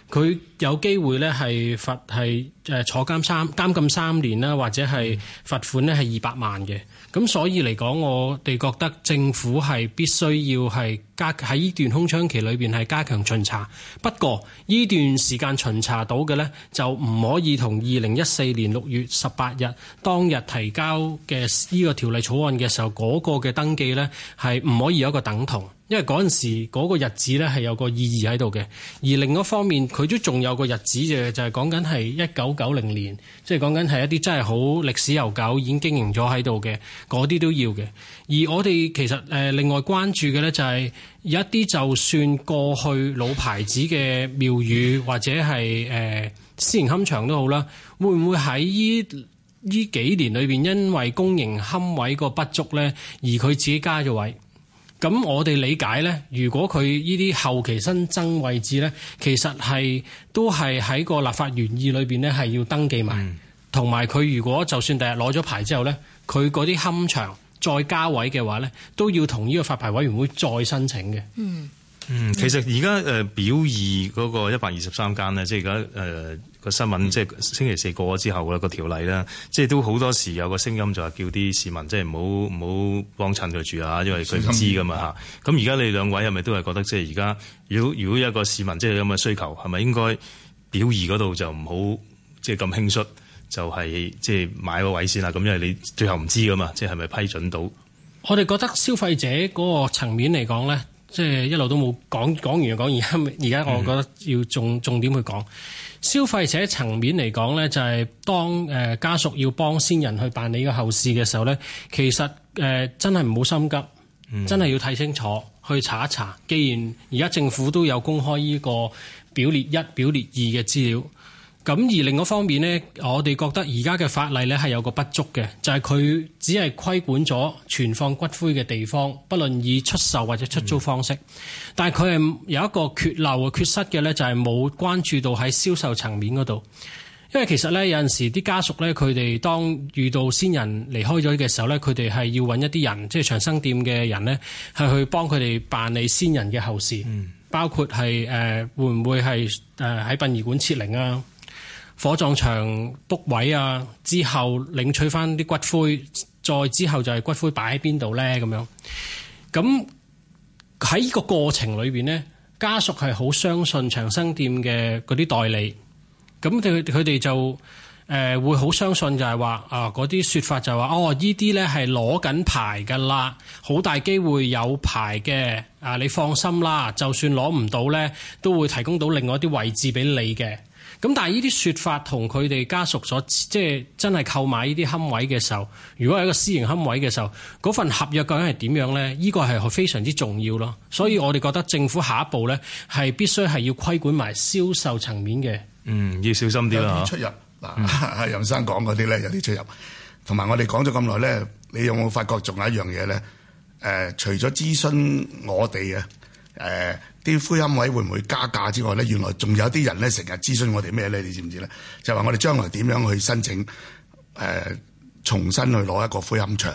佢有機會呢係罰係誒坐監三監禁三年啦，或者係罰款呢係二百萬嘅。咁所以嚟講，我哋覺得政府係必須要係加喺呢段空窗期裏邊係加強巡查。不過呢段時間巡查到嘅呢，就唔可以同二零一四年六月十八日當日提交嘅呢個條例草案嘅時候嗰個嘅登記呢，係唔可以有一個等同，因為嗰陣時嗰個日子呢係有個意義喺度嘅。而另一方面，佢都仲有個日子就就係講緊係一九九零年，即係講緊係一啲真係好歷史悠久、已經經營咗喺度嘅嗰啲都要嘅。而我哋其實誒另外關注嘅呢、就係，就係有一啲就算過去老牌子嘅廟宇或者係誒、呃、私營龕場都好啦，會唔會喺呢呢幾年裏邊因為公營龕位個不足呢，而佢自己加咗位？咁我哋理解呢，如果佢呢啲後期新增位置呢，其實係都係喺個立法原意裏邊呢，係要登記埋，同埋佢如果就算第日攞咗牌之後呢，佢嗰啲龕場再加位嘅話呢，都要同呢個發牌委員會再申請嘅。嗯。嗯，其實而家誒表二嗰個一百二十三間咧，即係而家誒個新聞，嗯、即係星期四過咗之後啦，個條例啦，嗯、即係都好多時有個聲音就話叫啲市民即係唔好唔好幫襯佢住啊，因為佢唔知噶嘛嚇。咁而家你兩位係咪都係覺得即係而家，如果如果一個市民即係有咁嘅需求，係咪應該表二嗰度就唔好即係咁輕率，就係即係買個位先啦？咁因為你最後唔知噶嘛，即係係咪批准到？我哋覺得消費者嗰個層面嚟講咧。即係一路都冇講講完，講完，講而家而家，我覺得要重重點去講、嗯、消費者層面嚟講咧，就係、是、當誒家屬要幫先人去辦理個後事嘅時候咧，其實誒真係唔好心急，嗯、真係要睇清楚，去查一查。既然而家政府都有公開呢個表列一、表列二嘅資料。咁而另一方面呢，我哋覺得而家嘅法例呢，係有個不足嘅，就係、是，佢只係規管咗存放骨灰嘅地方，不論以出售或者出租方式。但係佢係有一個缺漏嘅、缺失嘅呢就係冇關注到喺銷售層面嗰度。因為其實呢，有陣時啲家屬呢，佢哋當遇到先人離開咗嘅時候呢，佢哋係要揾一啲人，即係長生店嘅人呢，係去幫佢哋辦理先人嘅後事，嗯、包括係誒、呃、會唔會係誒喺殯儀館設靈啊？火葬場 book 位啊，之後領取翻啲骨灰，再之後就係骨灰擺喺邊度咧咁樣。咁喺呢個過程裏邊咧，家屬係好相信長生店嘅嗰啲代理。咁佢佢哋就誒、呃、會好相信就係話啊，嗰啲説法就係話哦，依啲咧係攞緊牌噶啦，好大機會有牌嘅啊，你放心啦，就算攞唔到咧，都會提供到另外一啲位置俾你嘅。咁但係呢啲說法同佢哋家屬所即係真係購買呢啲龕位嘅時候，如果係一個私營龕位嘅時候，嗰份合約究竟係點樣咧？呢、這個係非常之重要咯。所以我哋覺得政府下一步咧係必須係要規管埋銷售層面嘅。嗯，要小心啲啦。出入啊，任生講嗰啲咧有啲出入。同埋、嗯、我哋講咗咁耐咧，你有冇發覺仲有一樣嘢咧？誒，除咗諮詢我哋啊。誒啲、呃、灰龕位會唔會加價之外咧，原來仲有啲人咧成日諮詢我哋咩咧？你知唔知咧？就話、是、我哋將來點樣去申請誒、呃、重新去攞一個灰龕場？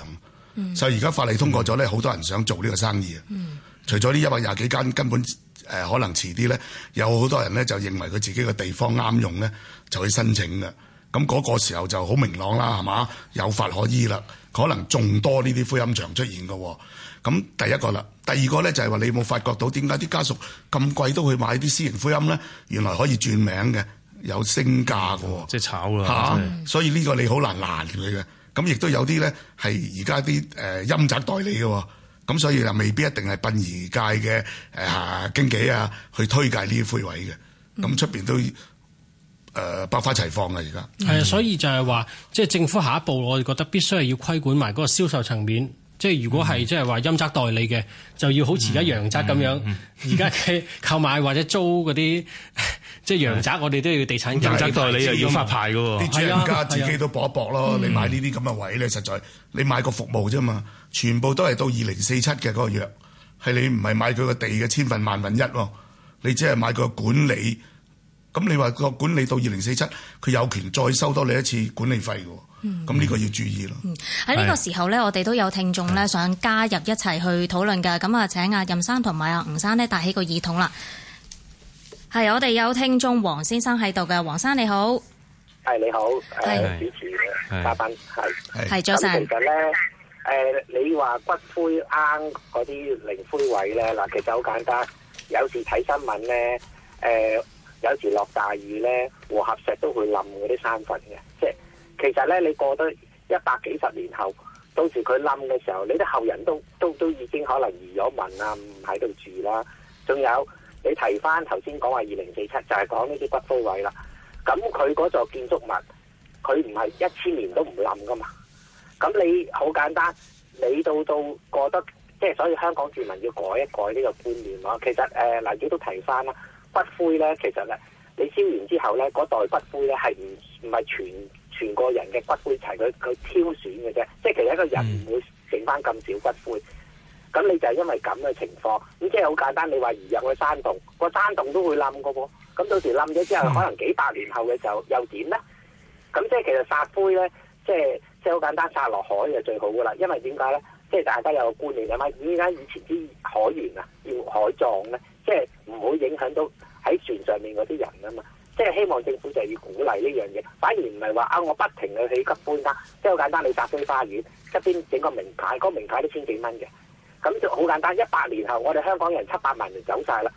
嗯、所以而家法例通過咗咧，好、嗯、多人想做呢個生意啊！嗯、除咗呢一百廿幾間根本誒、呃、可能遲啲咧，有好多人咧就認為佢自己嘅地方啱用咧，就去申請嘅。咁嗰個時候就好明朗啦，係嘛？有法可依啦，可能眾多呢啲灰龕場出現嘅。咁第一個啦，第二個咧就係話你冇發覺到點解啲家屬咁貴都去買啲私人灰龕咧？原來可以轉名嘅，有升價喎、嗯，即係炒啦、啊、是所以呢個你好難攔佢嘅。咁亦都有啲咧係而家啲誒陰宅代理嘅，咁所以又未必一定係殯儀界嘅誒、呃、經紀啊去推介呢啲灰位嘅。咁出邊都誒百花齊放嘅而家。係啊、嗯，所以就係話，即係政府下一步，我哋覺得必須係要規管埋嗰個銷售層面。即係如果係即係話陰宅代理嘅，就要好似而家陽宅咁樣，而家嘅購買或者租嗰啲、嗯、即係陽宅，我哋都要地產。陰宅、嗯、代理又要發牌嘅喎，啲專家自己都搏一搏咯。啊啊、你買呢啲咁嘅位咧，實在你買個服務啫嘛，全部都係到二零四七嘅嗰個約，係你唔係買佢個地嘅千分萬分一喎，你只係買佢個管理。咁你話個管理到二零四七，佢有權再收多你一次管理費嘅。咁呢個要注意咯。喺呢、嗯、個時候呢，我哋都有聽眾呢想加入一齊去討論㗎。咁啊是，請阿任生同埋阿吳生呢戴起個耳筒啦。係我哋有聽眾黃先生喺度嘅，黃生你好。係，你好，係是、呃、主持，嘉賓，係係早晨。其實咧，誒，你話骨灰坑嗰啲靈灰位呢，嗱，其實好簡單。有時睇新聞呢，誒，有時落大雨呢，和合石都會冧嗰啲山墳嘅，即係。其實咧，你過得一百幾十年後，到時佢冧嘅時候，你啲後人都都都已經可能移咗民啊，唔喺度住啦。仲有你提翻頭先講話二零四七，47，就係講呢啲骨灰位啦。咁佢嗰座建築物，佢唔係一千年都唔冧㗎嘛。咁、嗯、你好簡單，你到到過得，即、就、係、是、所以香港住民要改一改呢個觀念咯。其實誒，嗱、呃，亦都提翻啦，骨灰咧，其實咧，你燒完之後咧，嗰袋骨灰咧係唔唔係全。全個人嘅骨灰，齊佢佢挑選嘅啫，即係其實一個人唔會剩翻咁少骨灰。咁、mm. 你就係因為咁嘅情況，咁即係好簡單。你話移入去山洞，個山洞都會冧嘅喎。咁到時冧咗之後，可能幾百年後嘅時候又點咧？咁即係其實殺灰咧，即係即係好簡單，殺落海就最好嘅啦。因為點解咧？即係大家有個觀念，就咪而家以前啲海員啊要海葬咧？即係唔好影響到喺船上面嗰啲人啊嘛。即係希望政府就要鼓勵呢樣嘢，反而唔係話啊！我不停去起急搬單，即係好簡單，你搭邊花園側邊整個名牌，嗰、嗰個、名牌都千幾蚊嘅。咁就好簡單，一百年後我哋香港人七百萬人走晒啦，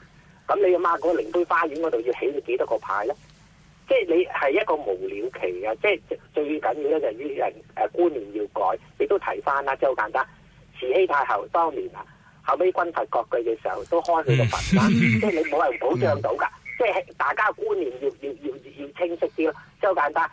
咁你阿媽嗰個陵寢花園嗰度要起幾多個牌咧？即係你係一個無了期嘅、啊，即係最最緊要咧就係啲人誒觀念要改。你都提翻啦，即係好簡單，慈禧太后當年啊，後尾軍閥割據嘅時候都開佢個墳山， 即係你冇人保障到㗎。 即係大家觀念要要要要清晰啲咯，即係好簡單。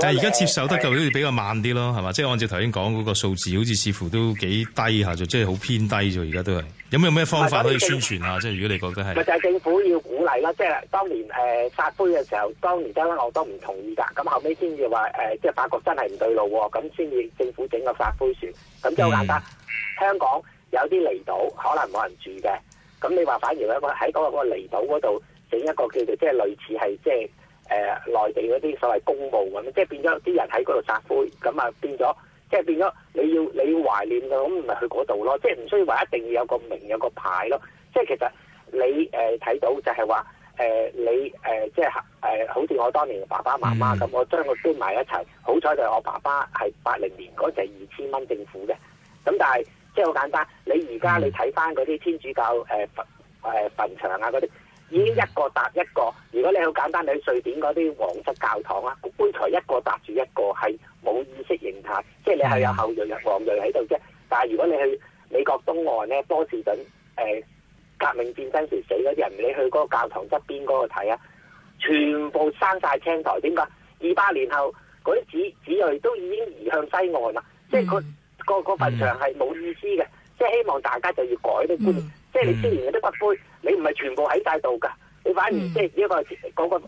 但係而家接受得就比較慢啲咯，係嘛、呃？即係、就是、按照頭先講嗰個數字，好似似乎都幾低下，就即係好偏低咗。而家都係有冇咩有方法可以宣傳啊？即係是如果你覺得係，咪就係政府要鼓勵啦。即、就、係、是、當年誒撒、呃、灰嘅時候，當年得啦我都唔同意噶。咁後尾先至話誒，即係發覺真係唔對路，咁先至政府整個撒灰船。咁即係好簡單。嗯、香港有啲離島可能冇人住嘅，咁你話反而喺嗰個嗰個離島嗰度。整一個叫做即係類似係即係誒內地嗰啲所謂公墓咁，即係變咗啲人喺嗰度撒灰，咁啊變咗，即係變咗你要你要懷念佢，咁咪去嗰度咯，即係唔需要話一定要有個名有個牌咯。即係其實你誒睇到就係話誒你誒、呃、即係誒、呃，好似我當年嘅爸爸媽媽咁，我將佢堆埋一齊。好彩就係我爸爸係八零年嗰陣係二千蚊政府嘅，咁但係即係好簡單。你而家你睇翻嗰啲天主教誒誒、呃呃呃、墳場啊嗰啲。Mm hmm. 已經一個搭一個。如果你好簡單，你去瑞典嗰啲皇室教堂啊，棺材一個搭住一個，係冇意識形態，即係你係有後裔、有皇裔喺度啫。但係如果你去美國東岸咧，波士頓，誒、呃、革命戰爭時死嗰啲人，你去嗰個教堂側邊嗰個睇啊，全部生晒青苔。點解？二百年後嗰啲子子裔都已經移向西岸啦。Mm hmm. 即係、那、佢個個墳場係冇意思嘅。Mm hmm. 即係希望大家就要改啲、mm hmm. 即係你雖然啲骨灰。你唔係全部喺晒度噶，你反而即係呢個嗰個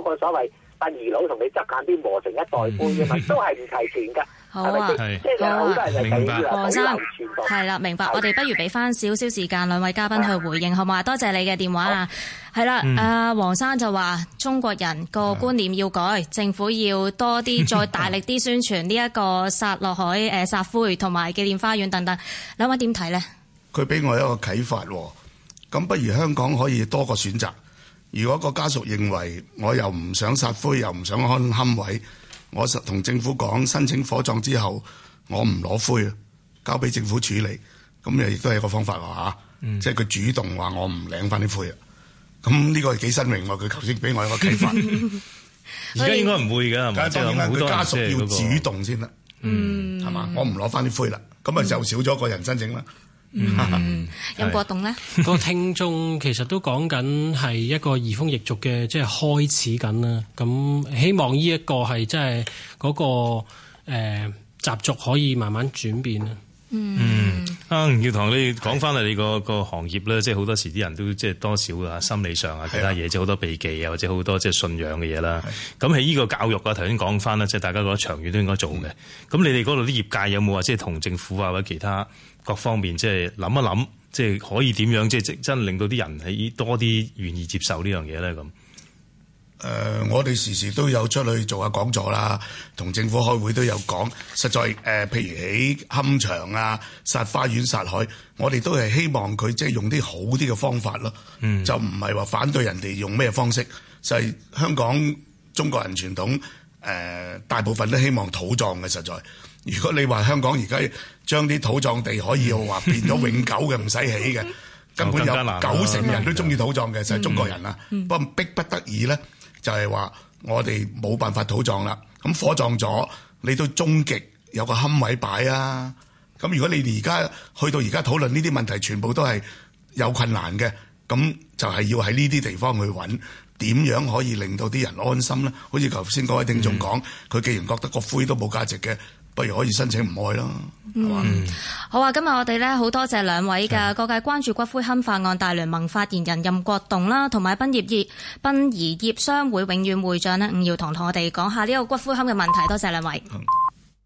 誒個所謂八二佬同你側眼邊磨成一代半嘅嘛，都係唔齊全噶。好啊，好啊，明白。黃生係啦，明白。我哋不如俾翻少少時間兩位嘉賓去回應，好嘛？多謝你嘅電話啊。係啦，阿黃生就話中國人個觀念要改，政府要多啲再大力啲宣傳呢一個撒落海誒撒灰同埋紀念花園等等，兩位點睇咧？佢俾我一個啟發喎。咁不如香港可以多個選擇。如果個家屬認為我又唔想撒灰，又唔想開堪龕位，我實同政府講申請火葬之後，我唔攞灰啊，交俾政府處理。咁又亦都係個方法喎、啊嗯、即係佢主動話我唔領翻啲灰啊。咁呢個係幾新穎喎？佢頭先俾我一個啟發，而家 應該唔會㗎，係咪？當然是家屬要主動先啦、那個。嗯，係嘛？我唔攞翻啲灰啦，咁啊就少咗個人申請啦。嗯 嗯，任國棟呢？嗰個、嗯、是聽眾其實都講緊係一個移風易俗嘅，即、就、係、是、開始緊啦。咁希望呢一個係即係嗰個誒習、呃、俗可以慢慢轉變啦。嗯，阿吳耀棠，你講翻你個行業咧，即係好多時啲人都即係多少啊心理上啊其他嘢，即係好多避忌啊，或者好多即係信仰嘅嘢啦。咁喺呢個教育啊，頭先講翻啦，即係大家覺得長遠都應該做嘅。咁、嗯、你哋嗰度啲業界有冇話即係同政府啊或者其他？各方面即係諗一諗，即係可以點樣，即係真令到啲人喺多啲願意接受呢樣嘢咧咁。誒，我哋時時都有出去做下講座啦，同政府開會都有講。實在誒，譬如喺龕場啊、殺花園、殺海，我哋都係希望佢即係用啲好啲嘅方法咯。嗯，就唔係話反對人哋用咩方式，就係香港中國人傳統誒，大部分都希望土葬嘅實在。如果你話香港而家將啲土葬地可以話變咗永久嘅，唔使起嘅，根本有九成人都中意土葬嘅， 就係中國人啦。 不過逼不得已咧，就係、是、話我哋冇辦法土葬啦。咁火葬咗，你都終極有個龕位擺啊。咁如果你而家去到而家討論呢啲問題，全部都係有困難嘅。咁就係要喺呢啲地方去揾點樣可以令到啲人安心咧。好似頭先嗰位聽眾講，佢 既然覺得個灰都冇價值嘅。不如可以申請唔開啦，係嘛？好啊！今日我哋咧好多謝兩位嘅各界關注骨灰龕法案大聯盟發言人任國棟啦，同埋殯業業殯儀業商會永遠會長呢，吳耀棠，同我哋講下呢個骨灰龕嘅問題。多謝兩位。